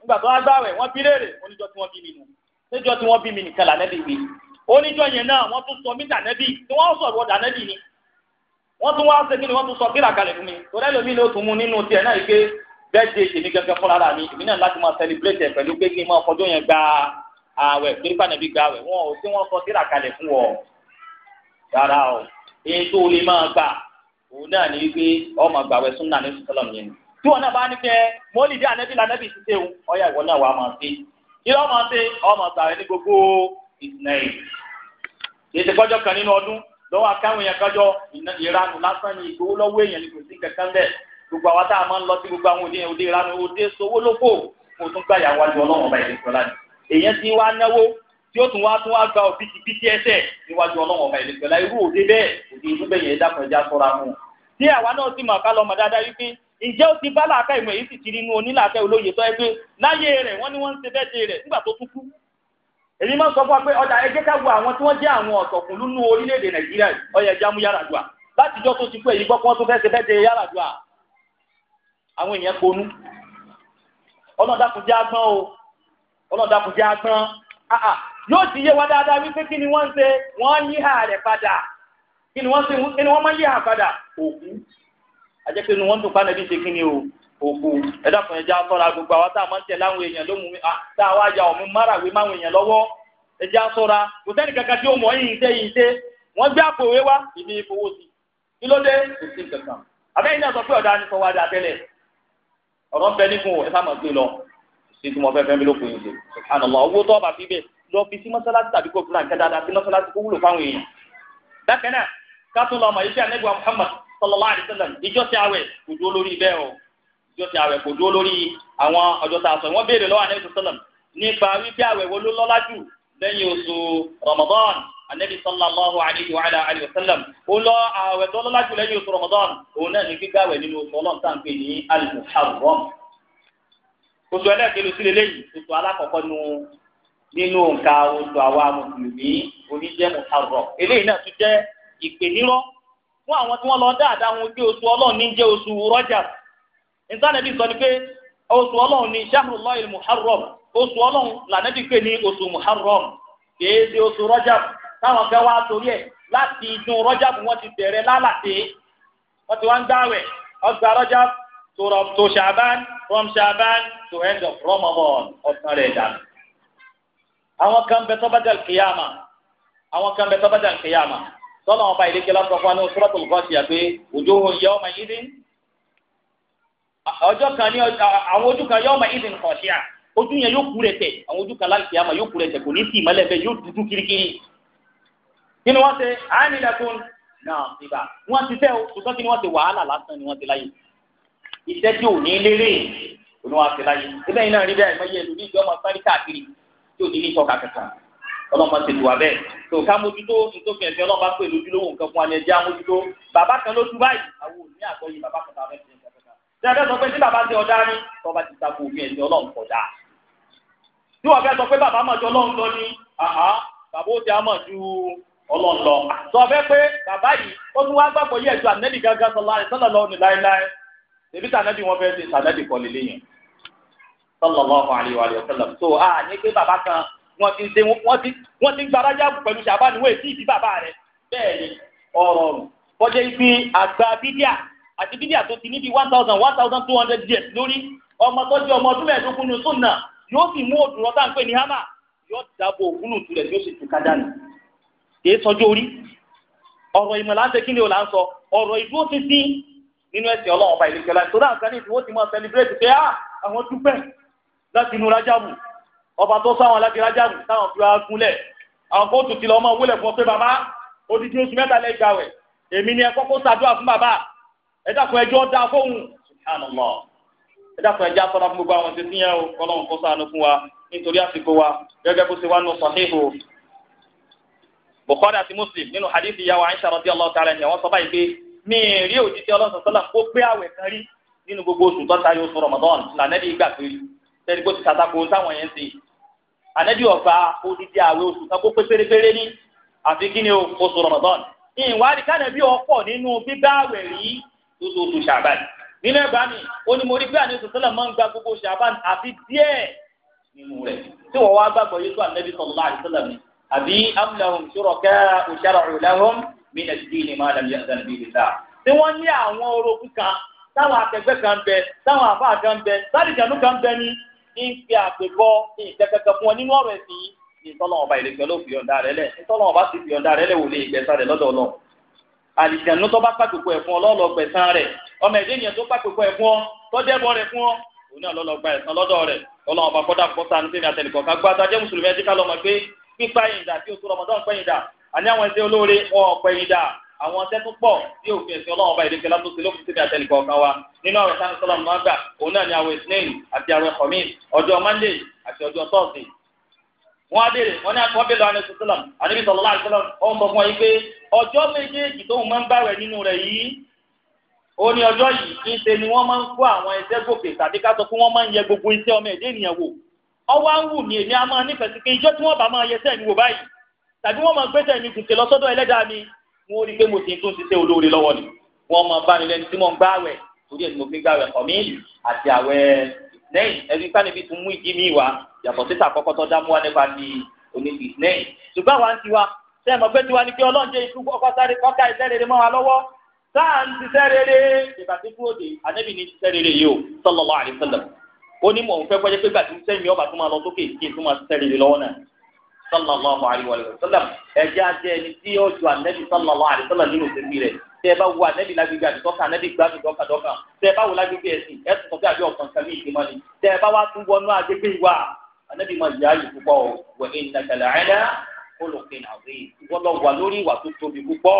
nígbà tó wá gbàwẹ̀ wọ́n bí léèrè oníjọ́ tí wọ́n bí mi nù níjọ́ tí wọ́n bí mi nìkan lànẹ́bí wí oníjọ́ yẹn náà wọ́n tún sọ mí dànẹ́bí tí wọ́n sọ ìwọ dànẹ́bí ni wọ́n tún wá ṣe kí ni wọ́n tún sọ kíra kalẹ̀ fún mi torí ẹlòmíì ló tún mú nínú tiẹ̀ náà yìí pé bẹ́ẹ̀ de èmi gẹ́gẹ́ fúnra rà mí èmi náà láti máa celebrate ẹ̀ pẹ̀lú pé kí n máa fọdún yẹn gba ààwẹ̀ torí pàdánù gba ààwẹ̀ wọn ò tí wọ́n sọ kíra kalẹ̀ fún ọ rárá o èyí tó lè máa gbà òun náà ní wípé ọmọ gbàwẹ̀ súnà ní sùtọ́lọ̀ yẹn ni tí wọn náà bá ní kẹ mọ́lìdí ànẹ́bí lànẹ́bí ti ṣe òun ìwọ náà wà á máa ṣe kí lọ́ọ́ máa ṣe ọmọ sàrẹ́ ní gbogbo ìsìnà yìí kan nínú ọdún lọ́wọ́ akáwọn èèyàn kọjọ ìranù lásán ni èèyàn ní kò sí kankan gbogbo tá a máa ń lọ sí gbogbo àwọn òde òde sowó ọba ti wá náwó tí ó ǹjẹ́ ó ti bá làákà ìmọ̀ èyí sì ti rí inú onílàákà olóye tó ẹ pé láyé rẹ̀ wọ́n ní wọ́n ń ṣe bẹ́ẹ̀ de rẹ̀ nígbà tó tún kú. máa ń sọ fún wa pé ọjà ẹ ká wo àwọn tí wọ́n jẹ́ àwọn ọ̀tọ̀kùn orílẹ̀-èdè nàìjíríà ọyẹ ẹja látijọ́ tó ti kú èyí gbọ́ pé wọ́n tún fẹ́ẹ́ ṣe bẹ́ẹ̀ de àwọn èèyàn ponú ọlọ́dàkùnjẹ́ agbọ́n o ọlọ́dàkùnjẹ́ wa ajẹ́ pé inú wọn dùn pánẹ́bí ṣe kí ni o òkú ẹ̀dá kan ẹja sọ́ra gbogbo àwọn tá a máa ń tẹ̀ láwọn èèyàn ló mú mi tá a wá ya ọ̀mú máràwé máwọn èèyàn lọ́wọ́ ẹja sọ́ra kò sẹ́ni kankan tí ó mọ̀ yìí ṣe yìí ṣe wọ́n gbé àpò ìwé wá ìdí ìfowó sí kí ló dé kò sí kankan àbẹ́yìn náà sọ pé ọ̀dà ni sọ wá dà tẹ́lẹ̀ ọ̀rọ̀ ń bẹ nígun ẹ̀ sá mọ̀ gbé lọ sí tí mo fẹ́ fẹ́ mi ló Muhammad sallallahu alaihi wasallam ìjọ ti àwẹ̀ kò dúró lórí bẹ́ẹ̀ o ìjọ ti àwẹ̀ kò dúró lórí àwọn ọjọ́ tá a sọ wọ́n béèrè lọ́wọ́ ànábì sallam nípa wípé àwẹ̀ wo ló lọ́lá jù lẹ́yìn oṣù Ramadan ànábì sallallahu alaihi wa alihi wasallam ó lọ àwẹ̀ tó lọ́lá jù lẹ́yìn oṣù Ramadan òun náà ní gbígbàwẹ̀ nínú oṣù Ọlọ́run tá à ń pè ní al-Muharram oṣù ẹlẹ́ẹ̀kẹ́lẹ́ sílẹ̀ lẹ́yìn oṣù alákọ̀ọ́kọ́ nínú nǹka oṣù àwa mùsùlùmí oníjẹ́ Muharram eléyìí náà tún jẹ́ ìpènírọ́ fún àwọn tí wọ́n lọ dáadáa wọn pé oṣù ọlọ́run ní jẹ́ oṣù rọ́jà ìtànẹ́bí sọ ni pé oṣù ọlọ́run ní shahrullahi muharram oṣù ọlọ́run lànẹ́bí pé ní oṣù muharram kìí ṣe oṣù rọ́jà táwọn fẹ́ wá torí ẹ̀ láti inú rọ́jà wọn ti bẹ̀rẹ̀ lálàtẹ̀ wọ́n ti wá ń ọgbà rọ́jà to ṣàbán from ṣàbán to end of Ramadan ọ̀sán rẹ̀ dànù. àwọn kan bẹ tọ́bàdàn kìyàmà àwọn kan bẹ tọ́bàdàn kìyàmà tọ́lá ọba ìlékè lọ́sọ̀ fún anú suratul Ghashiya pé wujuhun yawma idhin ọjọ́ kan ní àwọn ojú kan yawma idhin khashi'a ojú yẹn yóò kú rẹ̀ tẹ̀ àwọn ojú kan láti fi àmà yóò kú rẹ̀ tẹ̀ kò ní tì mọ́lẹ̀ bẹ́ẹ̀ yóò dúdú kirikiri kí ni wọ́n ṣe àánilẹ̀kùn náà ìgbà wọ́n ti tẹ́ o ṣùgbọ́n kí ni wọ́n ti wàhálà lásán ni wọ́n ti láyé iṣẹ́ tí ò ní lérè òun wọ́n ti láyé ibẹ̀ yìí náà rí bẹ́ẹ̀ mọ́ iye ìlú ìjọba sáré káàkiri tí ò ní ní ìṣọ́ka kankan ọlọ́mọ ti tù wá bẹ́ẹ̀ tó ká mójútó nítòkè ẹ̀fẹ́ ọlọ́mọ pè lójúlówó nǹkan fún wa ni ẹjẹ́ amójútó bàbá kan ló tú báyìí àwọn òní àgọ́ yìí bàbá kan bàbá ẹ̀fẹ́ nǹkan kan. tí a fẹ́ sọ pé tí bàbá ti ọ̀dá ni tọ́ba ti takò òfin ẹ̀sìn ọlọ́run kọjá. tí wọ́n fẹ́ sọ pé bàbá mọ̀jú ọlọ́run lọ ni àhá bàbá ó ti àmọ̀ ju ọlọ́run lọ. sọ fẹ́ pé bàbá yìí ó tún wá gbàgbọ́ yẹ̀ ju ànẹ́bì gángan sọlá ìsọ́lọ̀ lọ́ọ̀nù láéláé tèmi tànẹ́bì wọn fẹ́ ṣe tànẹ́bì kọ́lé lẹ́yìn sọlọ́ọ̀lọ́ wọ́n ti ṣe wọ́n ti wọ́n ti gbaraja pẹ̀lú ṣàbánu wẹ̀ sí ìdí bàbá rẹ̀ bẹ́ẹ̀ ni ọ̀rọ̀ kọjá ibi àgbà bídíà àti bídíà tó ti níbi one thousand one thousand two hundred years lórí ọmọ tó ọmọ ọdún mẹ́ẹ̀ẹ́dógún ní sunna yóò sì mú òdùn ọ̀tá ní hama yóò dáàbò òkúnnù tulẹ̀ yóò sì tún kájà nù kì í sọjú orí ọ̀rọ̀ ìmọ̀ láǹṣe kí ni ò là ń sọ ọ̀rọ̀ ìdúró ti dín nínú ẹ̀sìn ọlọ́run ọba ìlú kẹlá ìtọ́lá àgbáyé ìdúró ti mọ̀ sẹlẹ̀bírẹ́tì pé ah, àwọn dúpẹ́ láti inú rájà wù ọba tó sáwọn alágbèrájà mú táwọn fi wá gúnlẹ̀ àwọn kóòtù ti lọ ọmọ wúlẹ̀ fún ọ pé bàbá odidi oṣù mẹ́ta lẹ́ gbà wẹ̀ èmi ni ẹ kọ́kọ́ ṣàdúrà fún bàbá ẹ dákun ẹjọ́ dá fóun subhanallah ẹ dákun ẹjọ́ asọ́ra fún gbogbo àwọn títí yẹn o kọ́lọ́hún kó ṣàánú fún wa nítorí àsìkò wa gẹ́gẹ́ bó ṣe wá nù sọ̀híhù bukhari àti muslim nínú hadithi yàwó aisha radiyallahu ta'ala ni àwọn sọ báyìí pé mi rí òjijì ọlọ́sọ̀tọ́lá kó pé àwẹ̀ kan rí nínú gbogbo oṣù tó tayọ oṣù ramadan lànà bí gbà pé rí tẹ́lẹ̀ kó ti kàtàkó táwọn yẹn ń sè ànẹ́bí ọ̀gbà odidi àwẹ̀ oṣù kan kó pé pérépéré ní àfi kí ni oṣù rọmọdán ìwádìí kánẹ́bí ọkọ̀ nínú gbígbá àwẹ̀ rí oṣooṣù ṣàbàn nínú ẹgbàá mi ó ní mo rí pé àní oṣù sọlá máa ń gba gbogbo ṣàbàn àfi díẹ̀ nínú rẹ̀ tí wọ́n wá gbàgbọ́ yìí tó ànẹ́bí sallallahu alaihi wasallam ni àbí amúlẹ̀hùn ṣúrọ̀kẹ́ òṣàrọ̀ òlẹ́hùn mí nà sí ní máa dàbí àzàn bíi ìlà tí wọ́n ní àwọn orogún kan táwọn akẹgbẹ́ kan bẹ táwọn àfáà kan bẹ sádìjànú kan bẹ ní ń fi àpèbọ ìtẹ́kẹ́kẹ́ fún ọ nínú ọ̀rọ̀ ẹ̀sìn yìí ní tọ́lọ́wọ́n ọba ìrèké ló fi ọ̀dà rẹ lẹ̀ ní tọ́lọ́wọ́n ọba sì fi ọ̀dà rẹ lẹ̀ wò lè gbẹ̀sán rẹ lọ́dọ̀ ọlọ́ àlìjànú tó bá pàtòkò ẹ̀fún ọlọ́ọ̀lọ́ gbẹ̀sán rẹ̀ ọmọ ẹ̀dẹ́ ènìyàn tó pàtòkò ẹ̀fún ọ tó dẹ́bọ rẹ̀ fún ọ òun náà lọ́lọ́ gba ẹ̀sán lọ́dọ̀ rẹ̀ ọlọ́wọ́n ọba kọ́dà kọ́sà ní sẹ́mi àtẹnìkọ̀ ká gbá tajẹ́ mùsùlùmí ẹ̀dí ká lọ́mọ pé pípa ìyìndà tí oṣù rọmọdán pẹ́yìndà àní àwọn ẹ̀sẹ̀ olóore wọn ọ̀pẹ̀yìndà àwọn ọtẹ tó pọ̀ tí òfin ẹ̀sìn ọlọ́run ọba ìdíkẹlá tó ṣe lókun síbi àtẹnìkọ ọkàn wa nínú àwọn ìsáni sọlọmù máa gbà òun náà ni àwọn ìsìn àti àwọn ẹ̀kọ́ míì ọjọ́ monday àti ọjọ́ thursday. wọn adéèrè wọn ní àkọọbẹ lọ àní sọsọlọmù àníbi sọlọlá àti sọlọmù ọhún sọ fún wa yìí pé ọjọ́ méjèèjì tóun máa ń bàwẹ̀ nínú rẹ̀ yìí ó ní ọjọ́ yìí kí n ṣe ni wọn máa ń kó àwọn ẹsẹ gòkè tàbí ká sọ pé wọn máa ń yẹ gbogbo iṣẹ́ ọmọ ẹdẹ ènìyàn wò ọwọ́ ń wù mí èmi á máa nífẹ̀ẹ́ sí pé ìjọ tí wọ́n bá máa yẹ sẹ́ẹ̀mí wò báyìí tàbí wọ́n máa gbé sẹ́ẹ̀mí gùnkè lọ sọ́dọ̀ ẹlẹ́dàá mi wọ́n rí pé mo ti tún ṣiṣẹ́ olóore lọ́wọ́ ni wọ́n máa bá ní lẹ́nu tí mo ń gbààwẹ̀ torí ẹni mo fi gbààwẹ̀ kọ̀ mí àti àwẹ̀ lẹ́yìn ẹbí sánibí tún mú ìdí mi wá yàtọ̀ síta àkọ́kọ́ tó dámú wá nípa ti oníbi lẹ́yìn ṣùgbọ́n àwa ń tiwa ṣé ẹ̀mọ́ pé tiwa ni pé ọlọ́run jẹ́ ikú ọkọ̀ sáré kọ́ka iṣẹ́ rere mọ́ wa lọ́wọ́ sáà ń ṣiṣẹ́ rere ìbàdí kúrò dé ànẹ́bì ní sallallahu alaihi wasallam ó ní mò ń fẹ́ pẹ́jẹ́ pé gbàdúrà sẹ́yìn ọba tó máa lọ sókè kí n tó máa ṣiṣẹ́ sallallahu alayhi wa sallam ẹjẹ ajẹ ẹni tí yóò ju anabi sallallahu alayhi wa sallam nínú òṣèlú rẹ tẹ ẹ bá wo anabi lágbègbè àdìsọkà anabi gbádùn dọkà dọkà tẹ ẹ bá wo lágbègbè ẹsìn ẹsùn kọfí àbí ọkàn kàmí ìgbìmọ ni tẹ ẹ bá wá tún wọnú agbègbè ìwà anabi máa yà á yìí púpọ̀ o wẹ ẹnìyàn kẹlẹ ẹlẹ olùkìn àwẹ wọn lọ wà lórí ìwà tó tóbi púpọ̀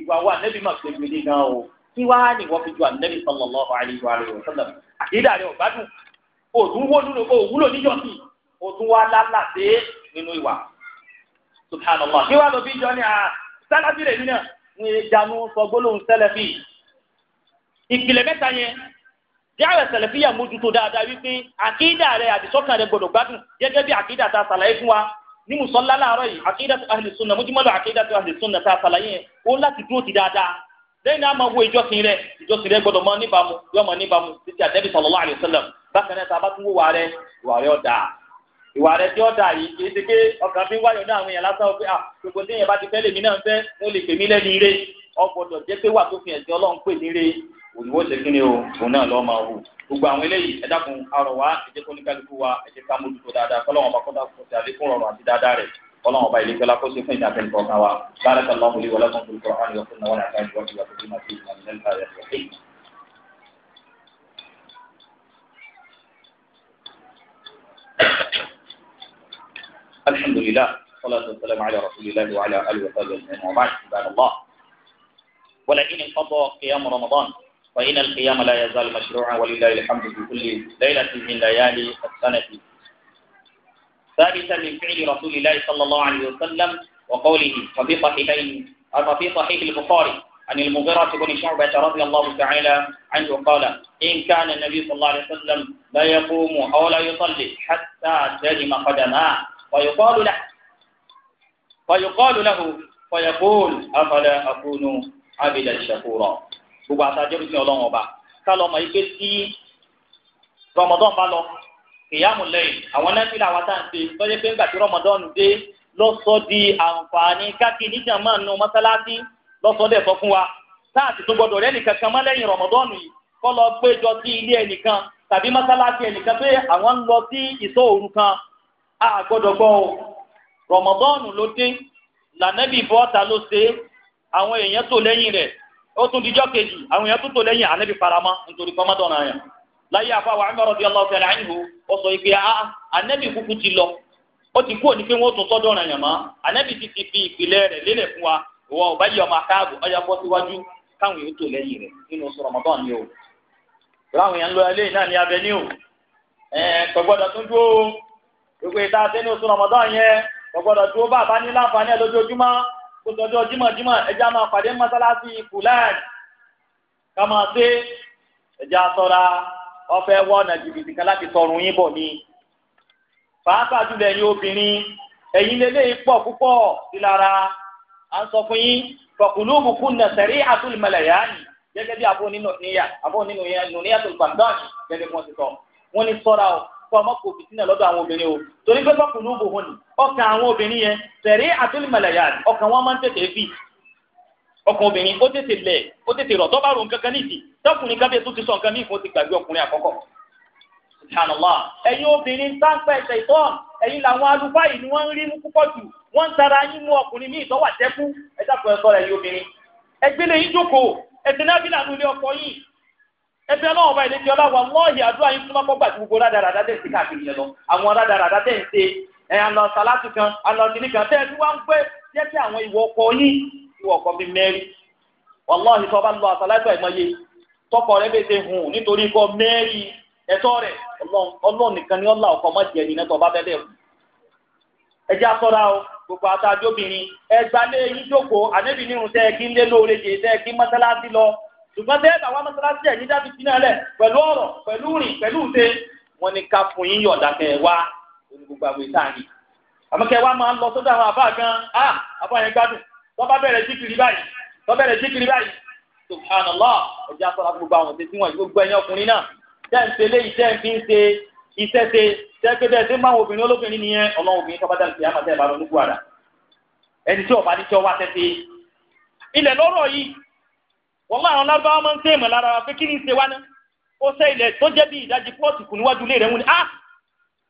ìwà wa anabi máa tóbi ní gan o kí wá ní wọ́n fi ju anabi sallallahu alayhi nínú ìwà subhanallah kí wàá lọ bí jọ ní a sálàbí rẹ̀ nínú ń jánu sọ gbólóhùn sẹlẹ̀fì ìpìlẹ̀ mẹ́ta yẹn jáwé sẹlẹ̀fì yà mójútó dáadáa wípé àkídà rẹ̀ àdìsọ́kàn rẹ̀ gbọdọ̀ gbádùn gẹ́gẹ́ bí àkídà ta sàlàyé fún wa ní musọ́lá láàárọ̀ yìí àkídà tó ahli sunna mójúmọ́lá àkídà tó ahli sunna ta sàlàyé yẹn ó láti dúró ti dáadáa lẹ́yìn náà máa wo ìjọsìn rẹ̀ ìjọsìn rẹ̀ gbọdọ̀ mọ́ níbàámu yọ mọ́ níbàámu títí àdẹ́bí sallallahu alaihi wasallam bákan náà tá bá tún wò wà rẹ̀ wà rẹ̀ ọ̀dà ìwà rẹ tí ó dà yìí kì í ti pé ọkàn fi ń wáyọ̀ ní àwọn èèyàn lásán ó pé à gbogbo tí èèyàn bá ti fẹ́ lèmi náà ń fẹ́ ó lè pèmí lẹ́ni ire ọgbọ́dọ̀ jẹ́ pé wà tó fi ẹ̀sìn Ọlọ́run pè ní ire òyìnbó ṣe kíni o òun náà lọ́ọ́ máa wù gbogbo àwọn eléyìí ẹ dákun arọ wa ẹ jẹ́ kó ní kálukú wa ẹ jẹ́ ká mójútó dáadáa kọ́lọ́wọ́n bá kọ́ta kò àlékún rọrùn àti dáadáa rẹ̀ kọ́lọ́wọ́n bá ilé fẹ́lá kó ṣe fún ìdá الحمد لله والصلاة والسلام على رسول الله وعلى آله وصحبه أجمعين وبعد عباد الله ولئن انقضى قيام رمضان فإن القيام لا يزال مشروعا ولله الحمد في كل ليلة من ليالي السنة ثابتا من فعل رسول الله صلى الله عليه وسلم وقوله ففي صحيحين ففي صحيح البخاري عن المغيرة بن شعبة رضي الله تعالى عنه قال إن كان النبي صلى الله عليه وسلم لا يقوم أو لا يصلي حتى تلم قدماه ويقال له ويقال له ويقول أفلا أكون عبدا شكورا gbogbo àtàjọbí sin ọlọ́run ọba ká mọ ike tí rọmọdọ́n bá lọ kìyàmù lẹ́yìn àwọn wa tá à ń ṣe tọ́jú pé ńgbà tí rọmọdọ́n dé lọ́sọ̀ di àǹfààní káàkiri níjà máa nu sọ fún wa tó nìkan kan yìí lọ péjọ sí a gbọ́dọ̀ gbọ́ o rọmọdọ́ọ̀nù ló dé lànàbí bọ́ọ̀ta ló ṣe àwọn èèyàn tó lẹ́yìn rẹ̀ ó tún dijọ́ kejì àwọn èèyàn tó tó lẹ́yìn ànábì faramọ́ nítorí kọ́mọ́dọ̀nà yẹn láyé àfàwọ̀ Umar radiyallahu ta'ala anhu ó sọ pé ànábì kúkú ti lọ ó ti kúrò ní pé wọ́n tún sọ́dọ̀nà yẹn mọ́ ànábì ti fi ìpìlẹ̀ rẹ̀ lélẹ̀ fún wa ò bá yí ọmọ akáàbò ọyà bọ́ síwájú káwọn tó lẹ́yìn rẹ̀ nínú ni o èèyàn lọ ilé o ìpè tá a ṣe ní oṣù Ramadan yẹn ọgbọdọ tó bá a bá ní láǹfààní ẹ lójoojúmọ́ kó sọjọ jímọ̀jímọ̀ ẹjẹ máa pàdé mọ́sálásí fúlàn ká máa ṣe ẹjẹ àtọra ọfẹ wọnà jìbìtì kan láti sọrùn yín bọ ni pàápàá jùlọ ẹ̀yin obìnrin ẹ̀yin lélẹyìn pọ̀ púpọ̀ sí lára à ń sọ fún yín fọkùnlùmù kùnà sẹrí àtúlùmọlẹ yá ni gẹ́gẹ́ bí àbọ nínú kọ́ ọmọ kò na sínú àwọn obìnrin o torí pé kọ́kùnrin òbò hàn ní ọkàn àwọn obìnrin yẹn tẹ̀rí àtúnimọ̀lẹ̀yà ọkàn wọn máa ń tètè fi ọkàn obìnrin ó tètè lẹ̀ ó tètè rọ kan tọkùnrin kábíyè tó ti sọ nǹkan ní ìfún ti gbàgbé ọkùnrin àkọ́kọ́ subhanallah ẹ̀yin obìnrin táǹpẹ̀ ẹ̀sẹ̀ làwọn yìí ni ń rí mú jù ẹbí ọlọ́run ọba ìlẹ́jọ́ ọlọ́wọ́ lọ́ọ̀hì àdúrà yín fún lọ́kọ́ gbàtí gbogbo rádaràdá tẹ̀ sí káàkiri yẹn lọ àwọn rádaràdá tẹ̀ ń ṣe ẹ̀ àlọ́ sàlátù kan àlọ́ kìnnì kan tẹ̀ tí wọ́n ń pẹ́ ọkọ yín ìwọ ọkọ bíi tó bá lọ tọkọ rẹ bẹ́ẹ̀ ṣe hùn nítorí kọ ẹ̀tọ́ nìkan ni ṣùgbọ́n tẹ́ bá wá mọ́sálásí ẹ̀ ní dábì sí náà lẹ̀ pẹ̀lú ọ̀rọ̀ pẹ̀lú rìn pẹ̀lú ṣe wọn ni ká fún yín yọ̀dà kẹ́ wá lórí gbogbo àwọn ìta yìí. àmọ́ kẹ́ wá máa ń lọ sọ́dọ̀ àwọn àbá gan á àbá yẹn gbádùn tó bá bẹ̀rẹ̀ síkiri báyìí tó bẹ̀rẹ̀ báyìí ọjà sọ́ra gbogbo àwọn gbogbo ẹ̀yìn ọkùnrin náà tẹ́ ń wọ́n máa àwọn lárúbáwá máa ń tẹ́ ìmọ̀ lára wa pé kí ni ṣe wá náà ó sẹ́ ilẹ̀ tó jẹ́ bí ìdajì pọ́ọ̀tù kù níwájú ilé rẹ̀ wọ́n ni ah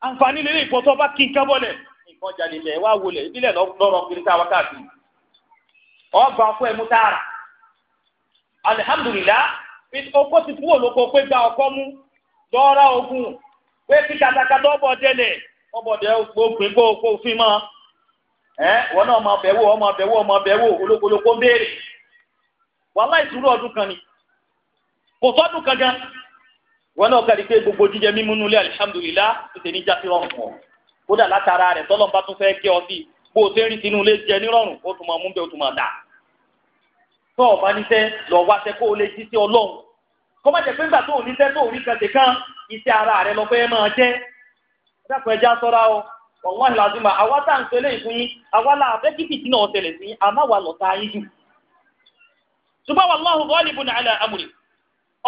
àǹfààní lè rí ìpọ́ tó bá kí n kábọ̀lẹ̀ nǹkan jalè lẹ̀ wá wọlé ìbílẹ̀ lọ́rọ̀ kiri káwa káàkiri ọgbà ọkọ ẹ̀mú tààrà alihamudulila ọkọ ti kúrò lóko pé gba ọkọ mú lọ́ọ́rá ogun pé kí katakata ọbọ̀ délẹ̀ ọbọ̀ dé gbógbin kó wàhálà ìṣúrú ọdún kan ni kò sọ́dún kan gan wọn náà kàrí pé gbogbo jíjẹ mímú nulẹ alihamudulilah tètè ní jáfe rọrùn fún ọ kódà látara rẹ tọlọmọba tún fẹ́ kí ọ sí bó o ṣe ń rí tinú ilé jẹ nírọ̀rùn ó tún máa mú bẹ ó tún máa dà tó ọba níṣẹ́ lọ wáṣẹ kó o lè jí sí Ọlọ́run kó má jẹ pé nígbà tó o níṣẹ́ tó o rí kan ṣe kán ara rẹ lọ fẹ́ máa jẹ dákun ẹja ṣọ́ra o wàláhì làdúmà àwa tá à ń sọ eléyìí fún yín àwa là fẹ́ kí fìtínà ọ̀sẹ̀lẹ̀ sí yín àmọ́ àwa lọ̀ta yín ṣùgbọ́n wallahu ghalibun ala amri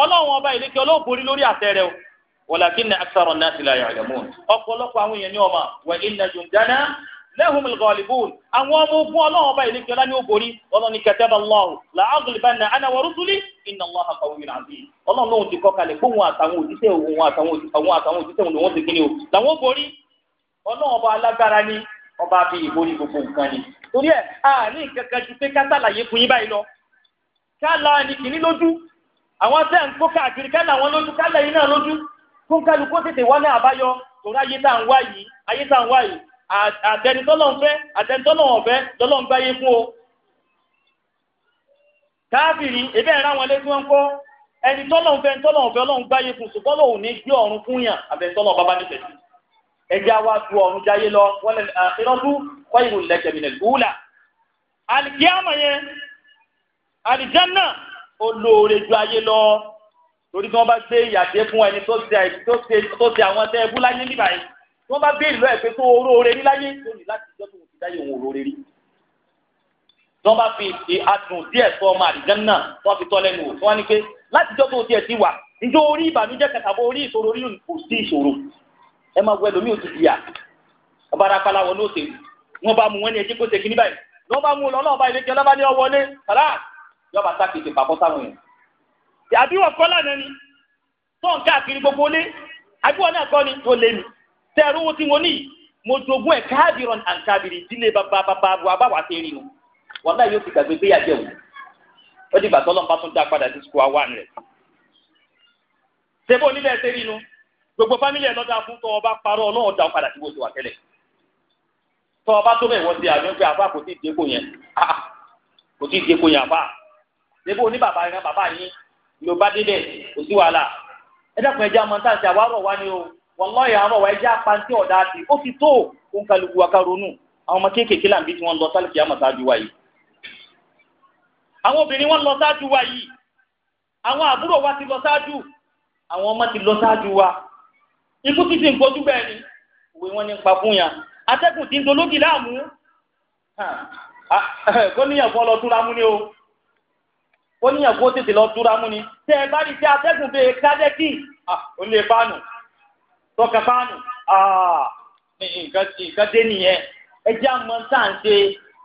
ọlọ́run ọba ìlẹ́kẹ́ olóògbórí lórí àtẹ rẹ o walakinna aktharan nasi la ya'lamun ọ̀pọ̀lọpọ̀ àwọn èèyàn ní ọmọ wa inna jundana lahumul ghalibun àwọn ọmọ ogun ọlọ́run ọba ìlẹ́kẹ́ ọlá ní ògbórí ọlọ́ni kataballahu la aghlibanna ana wa rusuli inna allaha qawiyyun aziz ọlọ́run lóhun ti kọ́ kalẹ̀ pé òun àtàwọn òjíṣẹ́ òun àtàwọn òjíṣẹ́ òun lòun ti kí ni o làwọn ògbórí ọlọ́run alágbára ni ọba bíi ìborí gbogbo nǹkan ni torí ẹ̀ àní nǹkan kan ju pé kátàlàyé fún yín báyìí lọ kálá ni kìíní lójú àwọn tẹ́ ń kó káàkiri kálá wọn lójú kálá yìí náà lójú kó ń kálukó tètè wá ní àbáyọ torí ayé tá à ń wá yìí ayé tá à ń wá yìí àtẹnitọ́lọ́nfẹ́ àtẹnitọ́lọ́nfẹ́ lọ́lọ́nfẹ́ ayé fún o. káàbìrì ebi ẹ̀rọ àwọn ilé tí wọ́n ń kọ́ ẹni tọ́lọ́nfẹ́ tọ́lọ́nfẹ́ ọlọ́run gbáyé fún ṣùgbọ́n lòun ní gbé ọ̀run fún yàn àtẹnitọ́lọ́ bàbá nífẹ̀ẹ́ sí. ẹja wa ju ọ̀run jáyé lọ wọlé àṣírọ́tú kọ́ ìrù lẹ́kẹ̀mí àlìjánà olóore ju ayé lọ torí tí wọ́n bá gbé ìyàtẹ fún ẹni tó ṣe àwọn tẹ ẹbú láyé nígbà yìí tí wọ́n bá gbé ìlú ẹ pé tó olóore rí láyé lónìí láti jọ tó ti dáyé òun olóore rí tí wọ́n bá fi adùn díẹ̀ sọ ọmọ àlìjánà wọ́n fi tọ́ lẹ́nu wò tí wọ́n ní pé láti jọ tó tiẹ̀ ti wà njẹ́ orí ìbànújẹ́ kẹta bó orí ìṣòro rí kò sí ìṣòro ẹ máa wọ ẹlòmíì òtútù yà ọba arapala ní òṣèlú wọ́n bá mú wọn ní ẹjẹ kó ṣe kíní báyìí wọ́n bá mú lọ náà báyìí lẹkẹ ní ọwọlé kàlá yọba sákèjì pàpọ̀ sáwọn yẹn. àbí wọn kọ́ lánàá ni tó ń káàkiri gbogbo lé àbí wọn náà kọ́ ni tó lé mi tẹ ẹrú wo ti wọn níyì mo jogún ẹ káàbìrọ̀ àǹkàbìrì ìdílé bàbá bàbá wa bá wà á ṣe rí nu wọn náà yóò ti gbàgbé pé yàjẹ wò ó dìgbà tó lọ́nba tó dá padà sí square one rẹ̀. sebo onílẹ̀ ṣe rí nu gbogbo fámìlì ẹ̀ lọ́dà fún tọ́wọ́ bá parọ́ ọlọ́run dá padà sí bó ti wà tẹ́lẹ̀ tọ́wọ́ bá tó bẹ̀ wọ́n ti àmì pé àfa kò tí ì dé kò yẹn ah, kò tí ì dé kò yẹn àfa níbo ní bàbá yẹn bàbá yín ló bá débẹ̀ kò sí wàhálà ẹ dẹ́kun ẹja mọ táǹtì àwárọ̀ wá ni o wọ́lọ́ yà rọ̀ wá ẹja pàǹtí ọ̀dà àti ó ti tó òun kálukú wa ká ronú àwọn ọmọ kéékèèké là ń bí tí wọ́n lọ sálùkì àmọ̀ ṣáájú wa yìí àwọn obìnrin wọn lọ ṣáájú wa yìí àwọn àbúrò wa ti lọ ṣáájú àwọn ọmọ ti lọ ṣáájú wa ikú ti ti ń gbójú bẹ́ẹ̀ ni òwe wọn ní pa fún yàn atẹ́kùn ti ń dológì láàmú gómìnà fọlọ́tún lámú ni o ó níyàn kó tètè lọ túra mú ni tẹ ẹ bá rí tí atẹ́gùn bẹ́ẹ̀ kádẹ́kì ó lè fáànù tọkẹ fáànù nǹkan dé nìyẹn ẹ jẹ́ àmọ́ tá à ń ṣe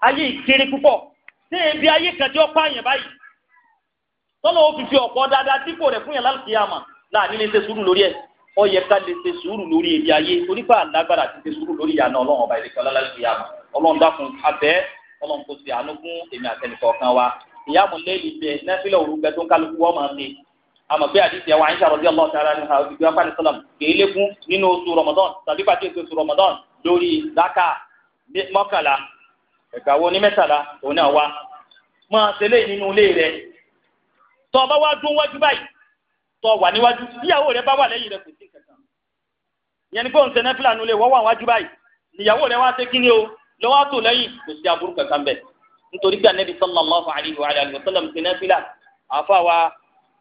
ayé ìkéré púpọ̀ ṣé ebi ayé kan tí ó pààyàn báyìí tọ́lọ́ ó fi fi ọ̀pọ̀ dáadáa dípò rẹ̀ fún yàn láti yàmà láàrin lè ṣe sùúrù lórí ẹ̀ ó yẹ ká lè ṣe sùúrù lórí ebi ayé onípa àlágbára ti ṣe sùúrù lórí ìyànà ọlọ́run ọba ìrẹ̀kẹ́ ọlọ́lá láti yàmà ọlọ́run dákun abẹ́ ọlọ́run kò sí àánú fún èmi àtẹnìkọ̀ọ̀kan wa ìyàmù lẹ́yìn bẹ nẹ́fílẹ̀ òru bẹ tó ń kálukú wọ́n máa ń bẹ àmọ́ pé àdìsí àwọn àyíṣà rọ̀bí ọlọ́ọ̀ tààrà ní àwọn ìgbìyànjú apá nìsọ́làm kèé lékún nínú oṣù rọmọdán tàbí pàtó oṣù rọmọdán lórí dáká mọ́kànlá ẹ̀ka wo ní mẹ́tàlá òun náà wá máa tẹ̀lé nínú ilé rẹ tó bá wá dún wájú báyìí tó wà níwájú níyàwó rẹ bá wà lẹ́yìn rẹ kò sí kankan ìyẹn ni pé òun tẹ̀lé fúlàní olè wọ́n wà wájú báyìí níyàwó rẹ wá sé kíní o lọ́wọ́ tó lẹ́yìn kò sí aburú kankan bẹ́ẹ̀ nítorí pé anabi sallallahu alayhi wa alayhi wa sallam ti nafila àfa wa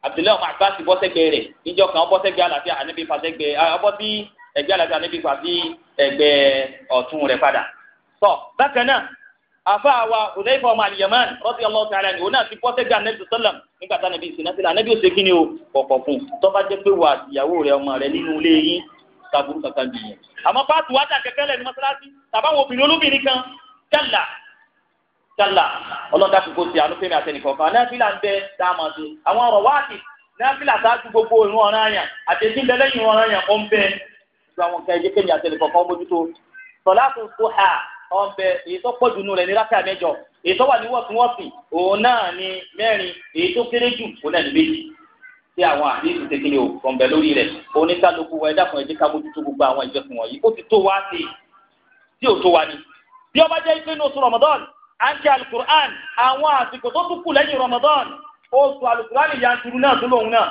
abdullahi ọmọ àgbà ti bọ́ sẹ́gbẹ́ rẹ̀ níjọ́ kan ọbọ̀ sẹ́gbẹ́ àlàáfíà anabi fa sẹ́gbẹ́ ọbọ̀ sí ẹgbẹ́ àlàáfíà anabi fa sí ẹgbẹ́ ọ̀tún rẹ̀ padà. sọ bákan náà àfa wa Hudhayfa ọmọ al-Yaman radiyallahu ta'ala ni òun náà ti bọ́ sẹ́gbẹ́ anabi sallam nígbà tá anabi sinna sílẹ̀ anabi ò ṣe kí ni o pọ̀pọ̀ fún tọ́ba jẹ́ pé wà ìyàwó rẹ̀ ọmọ rẹ̀ nínú ilé yín taburú kankan kan kẹ́là sálà ọlọ́dà kókó ti àlùfẹ́mi àtẹnìkọ̀ọ̀kan náfìlà ń bẹ dáàmà sí àwọn ọ̀rọ̀ wáàtì náfìlà sáájú gbogbo ìrún ọ̀ràn àyàn àtẹ̀sí ń bẹ lẹ́yìn ìrún ọ̀ràn àyàn ó ń bẹ ju àwọn nǹkan ẹ̀jẹ̀ kẹ́mi àtẹnìkọ̀ọ̀kan ó mójútó sọ̀láàtù sọ́hà ó ń bẹ èyí tó pọ̀ jù nù rẹ̀ ní rákà mẹ́jọ èyí tó wà ní wọ̀túnwọ̀sì òun náà ni mẹ́rin èyí tó kéré jù òun náà ni méjì tí àwọn àdéhùn tẹkẹlẹ ò kàn bẹ lórí rẹ̀ oníkálukú wa ẹ̀dá kan ẹjẹ ká mójútó gbogbo àwọn ìjọsìn wọ̀nyí Ramadan àǹtí alukur'an àwọn àsìkò tó tún kù lẹ́yìn Ramadan oṣù alukur'an yanturu náà tó lòun náà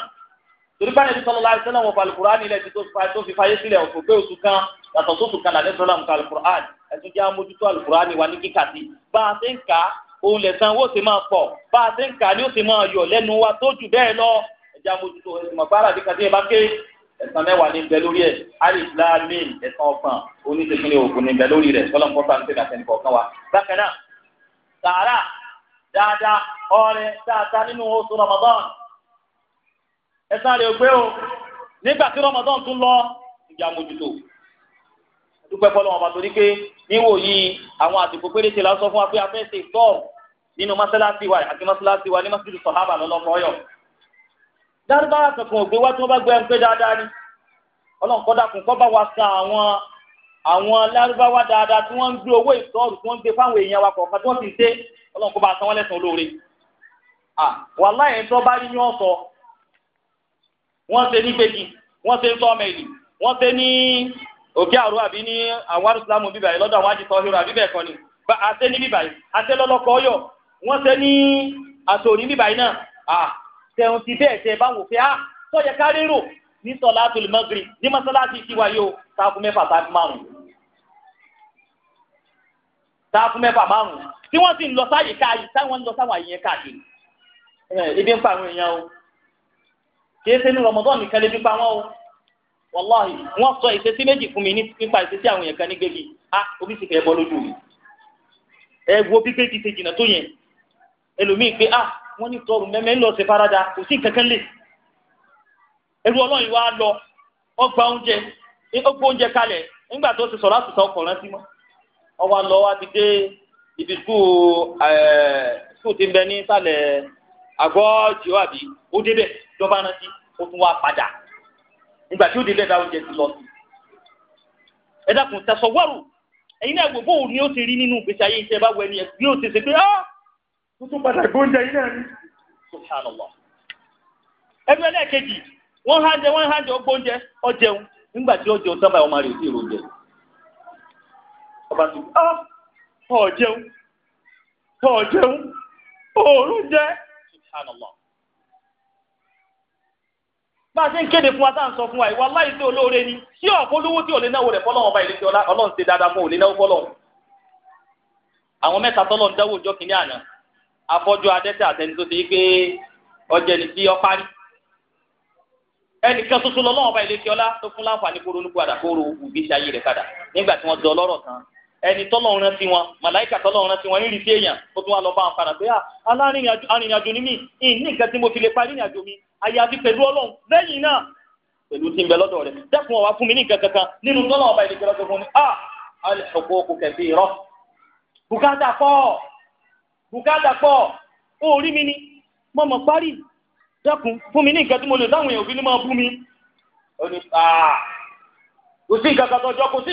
torí báyìí ní sọlọ́lá àti sẹ́lẹ̀ wọn fa alukur'an ilẹ̀ tí tó fi fayé sílẹ̀ òfò pé oṣù kan yàtọ̀ sóṣù kan làdé sọlọ́lá nǹkan alukur'an ẹ̀sùn jẹ́ amójútó alukur'an wa ní kíkà sí bá a ti ń kà á òun lè san owó ti máa pọ̀ bá a ti ń kà á ni ó ti máa yọ lẹ́nu wa tó bẹ́ẹ̀ lọ ẹ̀jẹ̀ amójútó ẹ̀sán mẹ́wàá ní bẹ lórí ẹ̀ alìsílámì ẹ̀sán ọ̀gbọ̀n oníṣègùn ní òògùn ní bẹ lórí rẹ̀ sọlọ́n kọ́ta ń tẹ̀lé àtẹnìkọ̀ọ̀kan wa bákan náà sàárà dáadáa ọrẹ dáadáa nínú oṣù Ramadan ẹ̀san rẹ̀ ògbé o nígbà tí Ramadan tún lọ ìjà mójútó dúpẹ́ pọ́ lọ́wọ́ pàtó pé níwò yìí àwọn àsìkò péréte la sọ fún wa pé a fẹ́ ṣe tọ́ọ̀ nínú mọ́sálásí wa àti mọ́sálásí wa ní mọ́sálásí sọ̀hábà lọ́lọ́kọ̀ ọ̀yọ́ dárúbáwá kankan ògbé wá tí wọ́n àwọn lárúbáwá dáadáa tí wọ́n ń gbé owó ìtọ́rù tí wọ́n ń gbé fáwọn èèyàn wa kọ̀ọ̀kan tí wọ́n ti ń dé ọlọ́run kó bá a san wọ́n lẹ́sàn-án olóore. wàláhì ẹ̀ ń tọ́ bá rí ní ọ̀sọ̀ wọ́n ṣe ní gbèjì wọ́n ṣe ń tọ́ ọmọ ìlú wọ́n ṣe ní òkè àrò àbí ní àwọn arúgbó bíbà yìí lọ́dọ̀ àwọn àjẹsọ hero àbí bẹ́ẹ̀ kọ́ ni àṣẹ ní bíbà yìí àṣẹ lọ́lọ́kọ̀ ọyọ̀ wọ́n ṣe ní àtòrí bíbà yìí náà tẹ̀hún ti bẹ́ẹ̀ sáfù mẹ́fà márùn-ún tí wọ́n sì ń lọ sáyè káyì táwọn ń lọ sáwọn àyè yẹn káàkiri ebi ń pa àwọn èèyàn o kìí ṣe ní Ramadan nìkan lè fi pa wọn o wàláhì sọ ìṣesí méjì fún mi nípa ìṣesí àwọn èèyàn kan ní a omi sì fẹ́ bọ́ lójú mi gbégi ṣe jìnnà tó yẹn a ah, wọ́n ní tọrùn mẹ́mẹ́ ń lọ farada kò sí lè ọlọ́run wa lọ ọgbà oúnjẹ ọgbà oúnjẹ kalẹ̀ nígbà ọwọ́ lọ wá ti dé ibi skul skul ti bẹ ní sàlẹ̀ àgọ́ jìwàbí ó ó tún wá padà nígbà tí ó débẹ̀ bá oúnjẹ ti lọ sí. ẹ dákun tẹsán wọ́rù náà gbogbo òun ó ti rí nínú ìgbésí ayé iṣẹ́ bá ó ti ṣe pé ah! tún padà yìí náà ni. ẹbí ẹlẹ́ẹ̀kejì wọ́n wọ́n nígbà tí ọba ti ah tọ́ ọ jẹun tọ́ ọ jẹun òórùn jẹ́ subhanallah. bá a ṣe ń kéde fún wa tá à ń sọ fún wa ìwà láì sí olóore ni tí ọ̀pọ̀ olówó tí ò lè náwó rẹ̀ fọlọ́run ọba ìlẹ́jọ́ ọlọ́run ṣe dáadáa fún ò lè náwó fọlọ́run. àwọn mẹ́ta tọ́lọ̀ ń dáwó ìjọ kìíní àná afọ́jú adẹ́tẹ̀ àtẹni tó ti yí pé ọjẹ́ ni tí ọ parí ẹnìkan ṣoṣo lọ́wọ́ ọba ìlẹ́kẹ́ ọlá tó fún láǹfààní kóró nípò àdàkóró òbí ṣayé rẹ̀ padà nígbà tí wọ́n dọ lọ́rọ̀ tán ẹni tọ́lọ́run rán ti wọn màláìkà tọ́lọ́run rán ti wọn nírìí sí èèyàn ó tún wá lọ bá wọn padà pé ah, alárìnrìnàjò ni mí nǹkan tí mo fi lè parí ìrìnàjò mi àyàfi pẹ̀lú ọlọ́run lẹ́yìn náà pẹ̀lú tí ń bẹ lọ́dọ̀ rẹ̀ dẹ́kun ọ̀wá fún mi ní nǹkan kankan nínú ọba fún ah al-huquq kathira pọ̀ pọ̀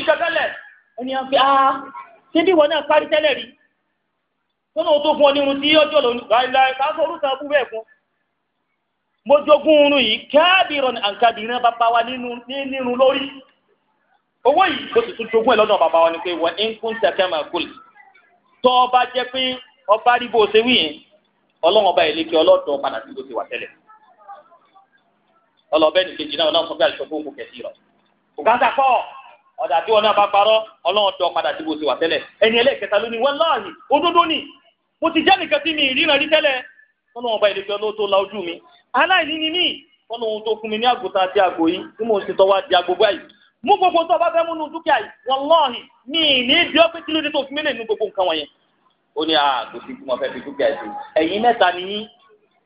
mi mi ẹni àgbẹ̀ ah ṣé bí ìwọ náà parí tẹ́lẹ̀ rí tó náà tó fún ọ ní irun tí ọjọ́ lónìí láìláì ká sọ orúkọ abúlé ẹ̀kún mo jogún irun yìí káàbìrọ̀ ní àǹkàbìrìn bàbá wa nínú lórí owó yìí mo sì tún jogún ẹ̀ lọ́dọ̀ bàbá wa ni pé wọ́n ń kún sẹ́kẹ́ máa kú lè tọ́ ọba jẹ́ pé ọba rí bó ṣe wí yẹn ọlọ́run ọba ìlékè ọlọ́dọ̀ padà sí bó ṣe wà tẹ́lẹ̀ ọlọ́ọ̀bẹ́ni kejì náà náà sọ pé àlùfẹ́ ọ̀dà tí wọn náà bá parọ́ ọlọ́run tọ́ padà sí bó ti wà tẹ́lẹ̀ ẹni ẹlẹ́kẹta ló ní wàláhì òdodo ni mo ti jẹ́ nìkan tí mi ìríran rí tẹ́lẹ̀ wọn náà ọba ìlẹ́jọ́ ló tó la ojú mi aláìní ni mí wọn náà ohun tó fún mi ní àgùntà àti àgò yìí tí mo ti tọ́wọ́ àti àgbo báyìí mú gbogbo tó bá fẹ́ múnú dúkìá yìí wàláhì mi ní bí ó pé kí ló dé tó fún mi lè nu gbogbo nǹkan wọ̀nyẹn ó ní àgò tí mo fẹ́ fi dúkìá yìí ẹ̀yin mẹ́ta ni yín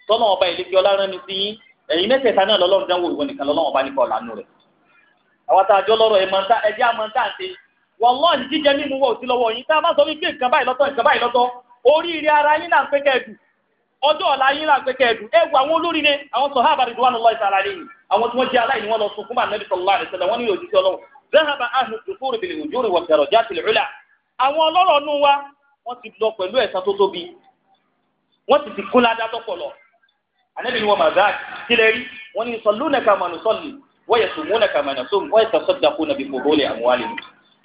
tọ́nà ọba ìlẹ́jọ́ lárán mi sí yín ẹ̀yin mẹ́tẹ̀ẹ̀ta náà lọ́lọ́run dánwò ìwọ nìkan lọ́lọ́run ọba nípa ọ̀lànà rẹ̀ àwọn tá a jọ lọ́rọ̀ ẹ̀ mọ̀ntà ẹ̀jẹ̀ àmọ̀ntà ṣe wàláhì jíjẹ sí lọ́wọ́ yín tá a bá sọ wípé nǹkan ara yín là ń pé kẹ́ẹ̀dù ọjọ́ ọ̀la yín là ń pé kẹ́ẹ̀dù ẹ wo àwọn olórí ni àwọn sàhábà ridwanullahi ta'ala alayhim àwọn tí wọ́n aláìní wọn lọ fún wọ́n zahaba nù wọ́n yẹ sùnmù náà kàmánà tó wọ́n yẹ sọ́dà kó nàbí kò bóòlì àmúwálé mu.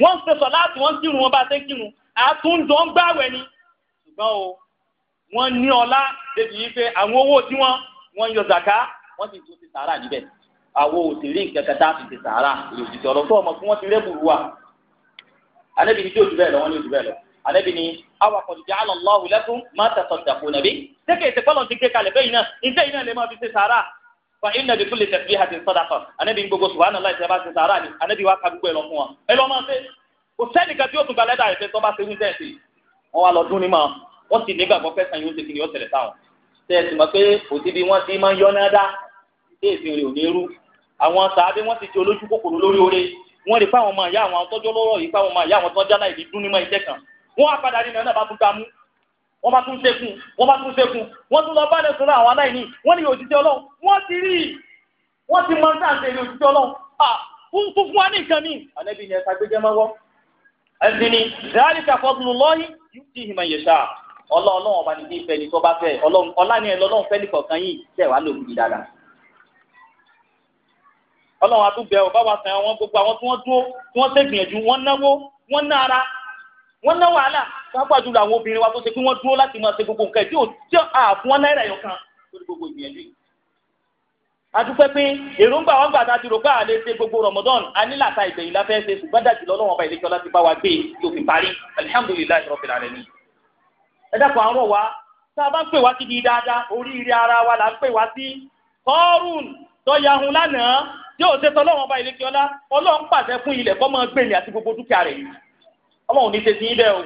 wọ́n ń sẹ́sọ̀ láti wọ́n ń kírun wọn bá ṣe ń kírun àtúndọ̀ ń gbàwẹ̀ ni. ṣùgbọ́n o wọ́n ní ọlá débi yìí pé àwọn owó tí wọ́n wọ́n yọ zàká wọ́n sì tún ti sàárà níbẹ̀. àwo ò sì rí nǹkan kẹta ti sàárà èrè ọlọ́tọ́ ọmọ fún wọn ti rẹ́bùrú wa. ànábì ni tí bẹ́ẹ̀ lọ wọ́n ní ojú bẹ́ẹ̀ lọ ànábì ni awakọ̀ ti gbé kalẹ̀ fa inna bi kulli tasbihatin sadaqa anabi gbogbo subhanallah ìṣẹ́ bá ti sàárà ni anabi wa ka gbogbo ẹ̀ lọ fún wa ẹ lọ́ máa ṣe kò sẹ́nìkan tí ó tún balẹ̀ dà ẹ̀fẹ́ tó bá ṣe wí sẹ́ẹ̀sì wọn wá lọ dún ní ma wọn sì nígbàgbọ́ fẹ́ sàn yóò ṣe kí ni yóò tẹ̀lé táwọn sẹ́ẹ̀sì mọ̀ pé kò sí bí wọ́n ti máa ń yọ náà dá sẹ́ẹ̀sì rẹ̀ ò ní rú àwọn sàábé wọ́n sì ti olójú kòkòrò lórí oore wọ́n rí fáwọn ọmọ ìyá àwọn tọ́jọ́ lọ́rọ̀ yìí fáwọn ọmọ ìyá àwọn tọ́jọ́ náà ìdí dún ní ma iṣẹ́ kan wọ́n á padà rí náà bá tún gbámú wọ́n bá tún ṣẹ́kùn wọ́n bá tún ṣẹ́kùn wọ́n tún lọ bá lẹ́sùn náà àwọn aláìní wọ́n ní òjijì ọlọ́run wọ́n ti rí i wọ́n ti máa ń tàǹtẹ̀ ní òjijì ọlọ́run fún fún wa ní nǹkan mi. ànábì ni ẹ̀ka gbẹ́jẹ́ máa wọ́. ẹ̀sìn ni ìdáhàlì kàfọ́ dùnú lọ́yìn yóò ti hìmọ̀ yẹ̀ ṣáà ọlọ́run ọba ní bíi fẹ́ni tó bá fẹ́ ọlọ́run àtúbẹ̀ wọ́n ná wàhálà pápá jùlọ àwọn obìnrin wa tó ṣe pé wọ́n dúró láti máa ṣe gbogbo nǹkan tí ò tí à fún wọn náírà yọ kan lórí gbogbo ìgbìyànjú yìí. adúpẹ́ pé èròǹgbà wọn gbà dájú rògbà àlè ṣe gbogbo Ramadan anílàta ìgbẹ̀yìn la fẹ́ ṣe ṣùgbọ́n dájú lọ lọ́wọ́ ọba ìlẹ́jọ́ láti bá wa gbé tó e, fi parí alihamudulilayi rabbil alamin. ẹ dákun àárọ̀ wa tá a bá ń pè wá síbi dáadáa oríire ara wa là ń pè wá sí kọ́ọ̀rùn tó yahun lánàá tí ò ṣe tọ́lọ́wọ́n ọba ìlẹ́jọ́ lá ọlọ́run pàṣẹ fún ilẹ̀ kọ́ máa àti gbogbo dúkìá rẹ̀ ọlọ́run ní ṣe ti ibẹ̀ o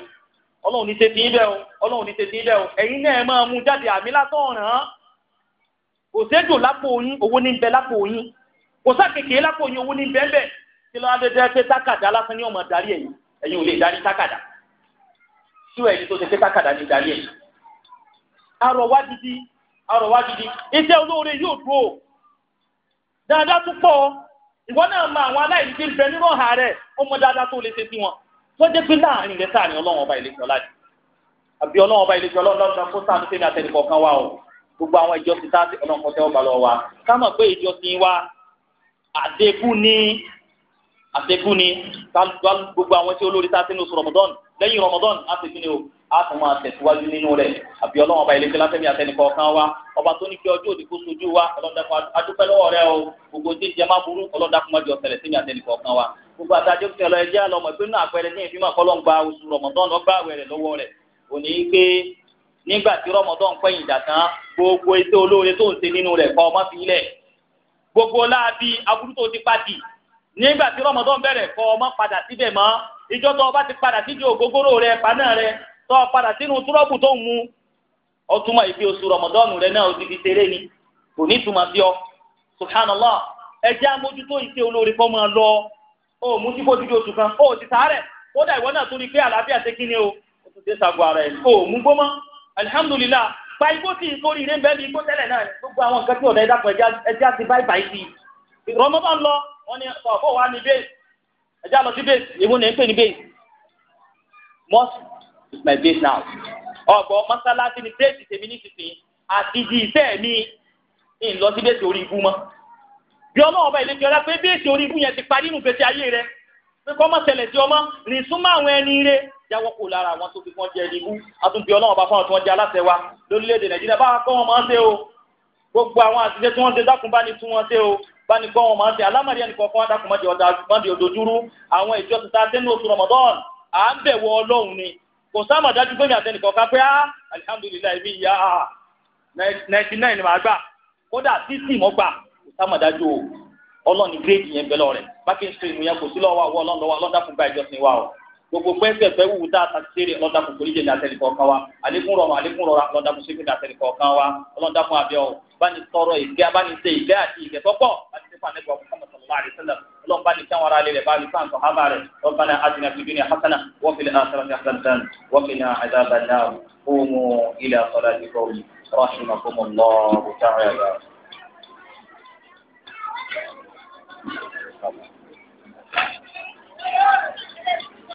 ọlọ́run ní ṣe ti ibẹ̀ o ọlọ́run ní ṣe ti o ẹ̀yin náà ẹ máa mú jáde àmì lásán kò séjò lápò yín owó ní lápò yín kò sákèké lápò yín owó ní kí pé tákàdá lásán ni ọmọ darí ẹ̀yin ẹ̀yin ò lè darí tákàdá tí tó pé ni darí sọ́jẹ́ pé láàrin rẹ̀ sáà ni ọlọ́run ọba ìlẹ́jọ́ ọlá ni àbí ọlọ́run ọba ìlẹ́jọ́ ọlọ́run kó sáà ní sẹ́ni àtẹnìkọ̀ kan wá o gbogbo àwọn ìjọ ti sáà ọlọ́run kọ́ tẹ́wọ́ balọ̀ wa ká pé ìjọ ti wa àdébù ni àdébù ni gbogbo àwọn tí olórí sáà sínú Ramadan lẹ́yìn Ramadan á ti fi ni o á tún máa tẹ̀síwájú nínú rẹ̀ àbí ọlọ́run ọba ìlẹ́jọ́ látẹ̀mí àtẹnìkọ̀ kan wá ọba tó ní kí ọjọ́ òdì kó sojú wa ọlọ́dàkùn adúpẹ́ lọ́wọ́ rẹ o gbogbo jíjẹ má burú ọlọ́dàkùn má jọ ṣẹlẹ̀ sẹ́mi àtẹnìkọ̀ kan wa gbogbo àtàjọ kìtẹ lọ ẹjẹ àlọmọ pé nínú àpẹẹrẹ ní ìfimọ kọlọ ń gba oṣù rọmọdán lọ rẹ lọ́wọ́ rẹ òní pé nígbà tí rọmọdán pẹ̀yìn ìjà gbogbo ètò olóore tó ń ṣe nínú rẹ kọ ọmọ fi lẹ gbogbo láabi aburú tó ti pàdì nígbà tí kọ ọmọ padà ìjọ tó ọba ti padà síbi ògógóró rẹ paná rẹ tó padà sínú tó mu ọtúmọ̀ ìfi oṣù rẹ náà ti ni kò ní ìtumọ̀ sí ọ subhanallah ẹ jẹ́ amójútó o ò mú tí kò dídí oṣù kan o ò ti sàárẹ̀ kódà ìwọ náà tún rí pé àlàáfíà ṣe kíni o o tún dé sago ara ẹ̀ o ò mú gbó mọ́ alihamudulilayi pa igbó tí ìkórè rẹ̀ ń bẹ́ẹ̀ ní igbó tẹ́lẹ̀ náà gbogbo àwọn nǹkan tí ọ̀dà ẹ̀dá kan ẹja ti báyìí báyìí sí i rọmọdán lọ wọn ni ọ̀bọ̀ wa ni bẹ́ẹ̀ ẹja lọ sí bẹ́ẹ̀ ìwọ ni ẹ ń pè ní bẹ́ẹ̀ mosque is my base now ọgbọ mọ́sálásí ni bẹ́ẹ̀ ti tèmi ní sísìn àti di iṣẹ́ mi ń lọ sí bẹ́ẹ̀ tí orí ibú bí ọlọ́wọ́ bá ìlẹ́kẹ́ ọlá pé bí èsì orí ibú yẹn ti parí nù gbèsè ayé rẹ pé kọ́ mọ̀ tẹ̀lẹ̀ sí ọmọ rìn súnmọ́ àwọn ẹni rẹ jáwọ́ kó lára àwọn tó fi wọ́n jẹ ẹni ibú àtúntì ọlọ́wọ́ bá fáwọn tí wọ́n jẹ aláṣẹ wa lórílẹ̀‐èdè nàìjíríà bá kọ́ wọn máa ń ṣe o gbogbo àwọn àṣìṣe tí wọ́n ṣe dákun bá ní tún wọn ṣe o bá ní kọ́ wọn máa ń ṣe alámọ̀rí ẹnì kọ̀ọ̀kan wá dákun má di òdòdúró àwọn ìjọ ti ta sẹ́nu oṣù rọmọdọ́ọ̀nù à ń bẹ̀wọ̀ ọlọ́run ni kò sáàmà dájú pé mi àtẹnì kọ̀ọ̀kan pé á alihamudulilayi mi sámàdájọ́ o ọlọ́run ní gírèdì yẹn bẹ́ẹ̀ lọ́rẹ̀ bákin stream yẹn kò sí lọ́wọ́ àwọ̀ ọlọ́run lọ́wọ́ ọlọ́run dákun bá ìjọsìn wa o gbogbo pẹ́ẹ́sẹ̀ fẹ́ wù tá a ta ṣeré ọlọ́run dákun foríjì ní àtẹnì kọ̀ọ̀kan wa àlékún rọrùn àlékún rọra ọlọ́run dákun ṣépè kọ̀ọ̀kan wa ọlọ́run dákun abẹ́ o Thank you.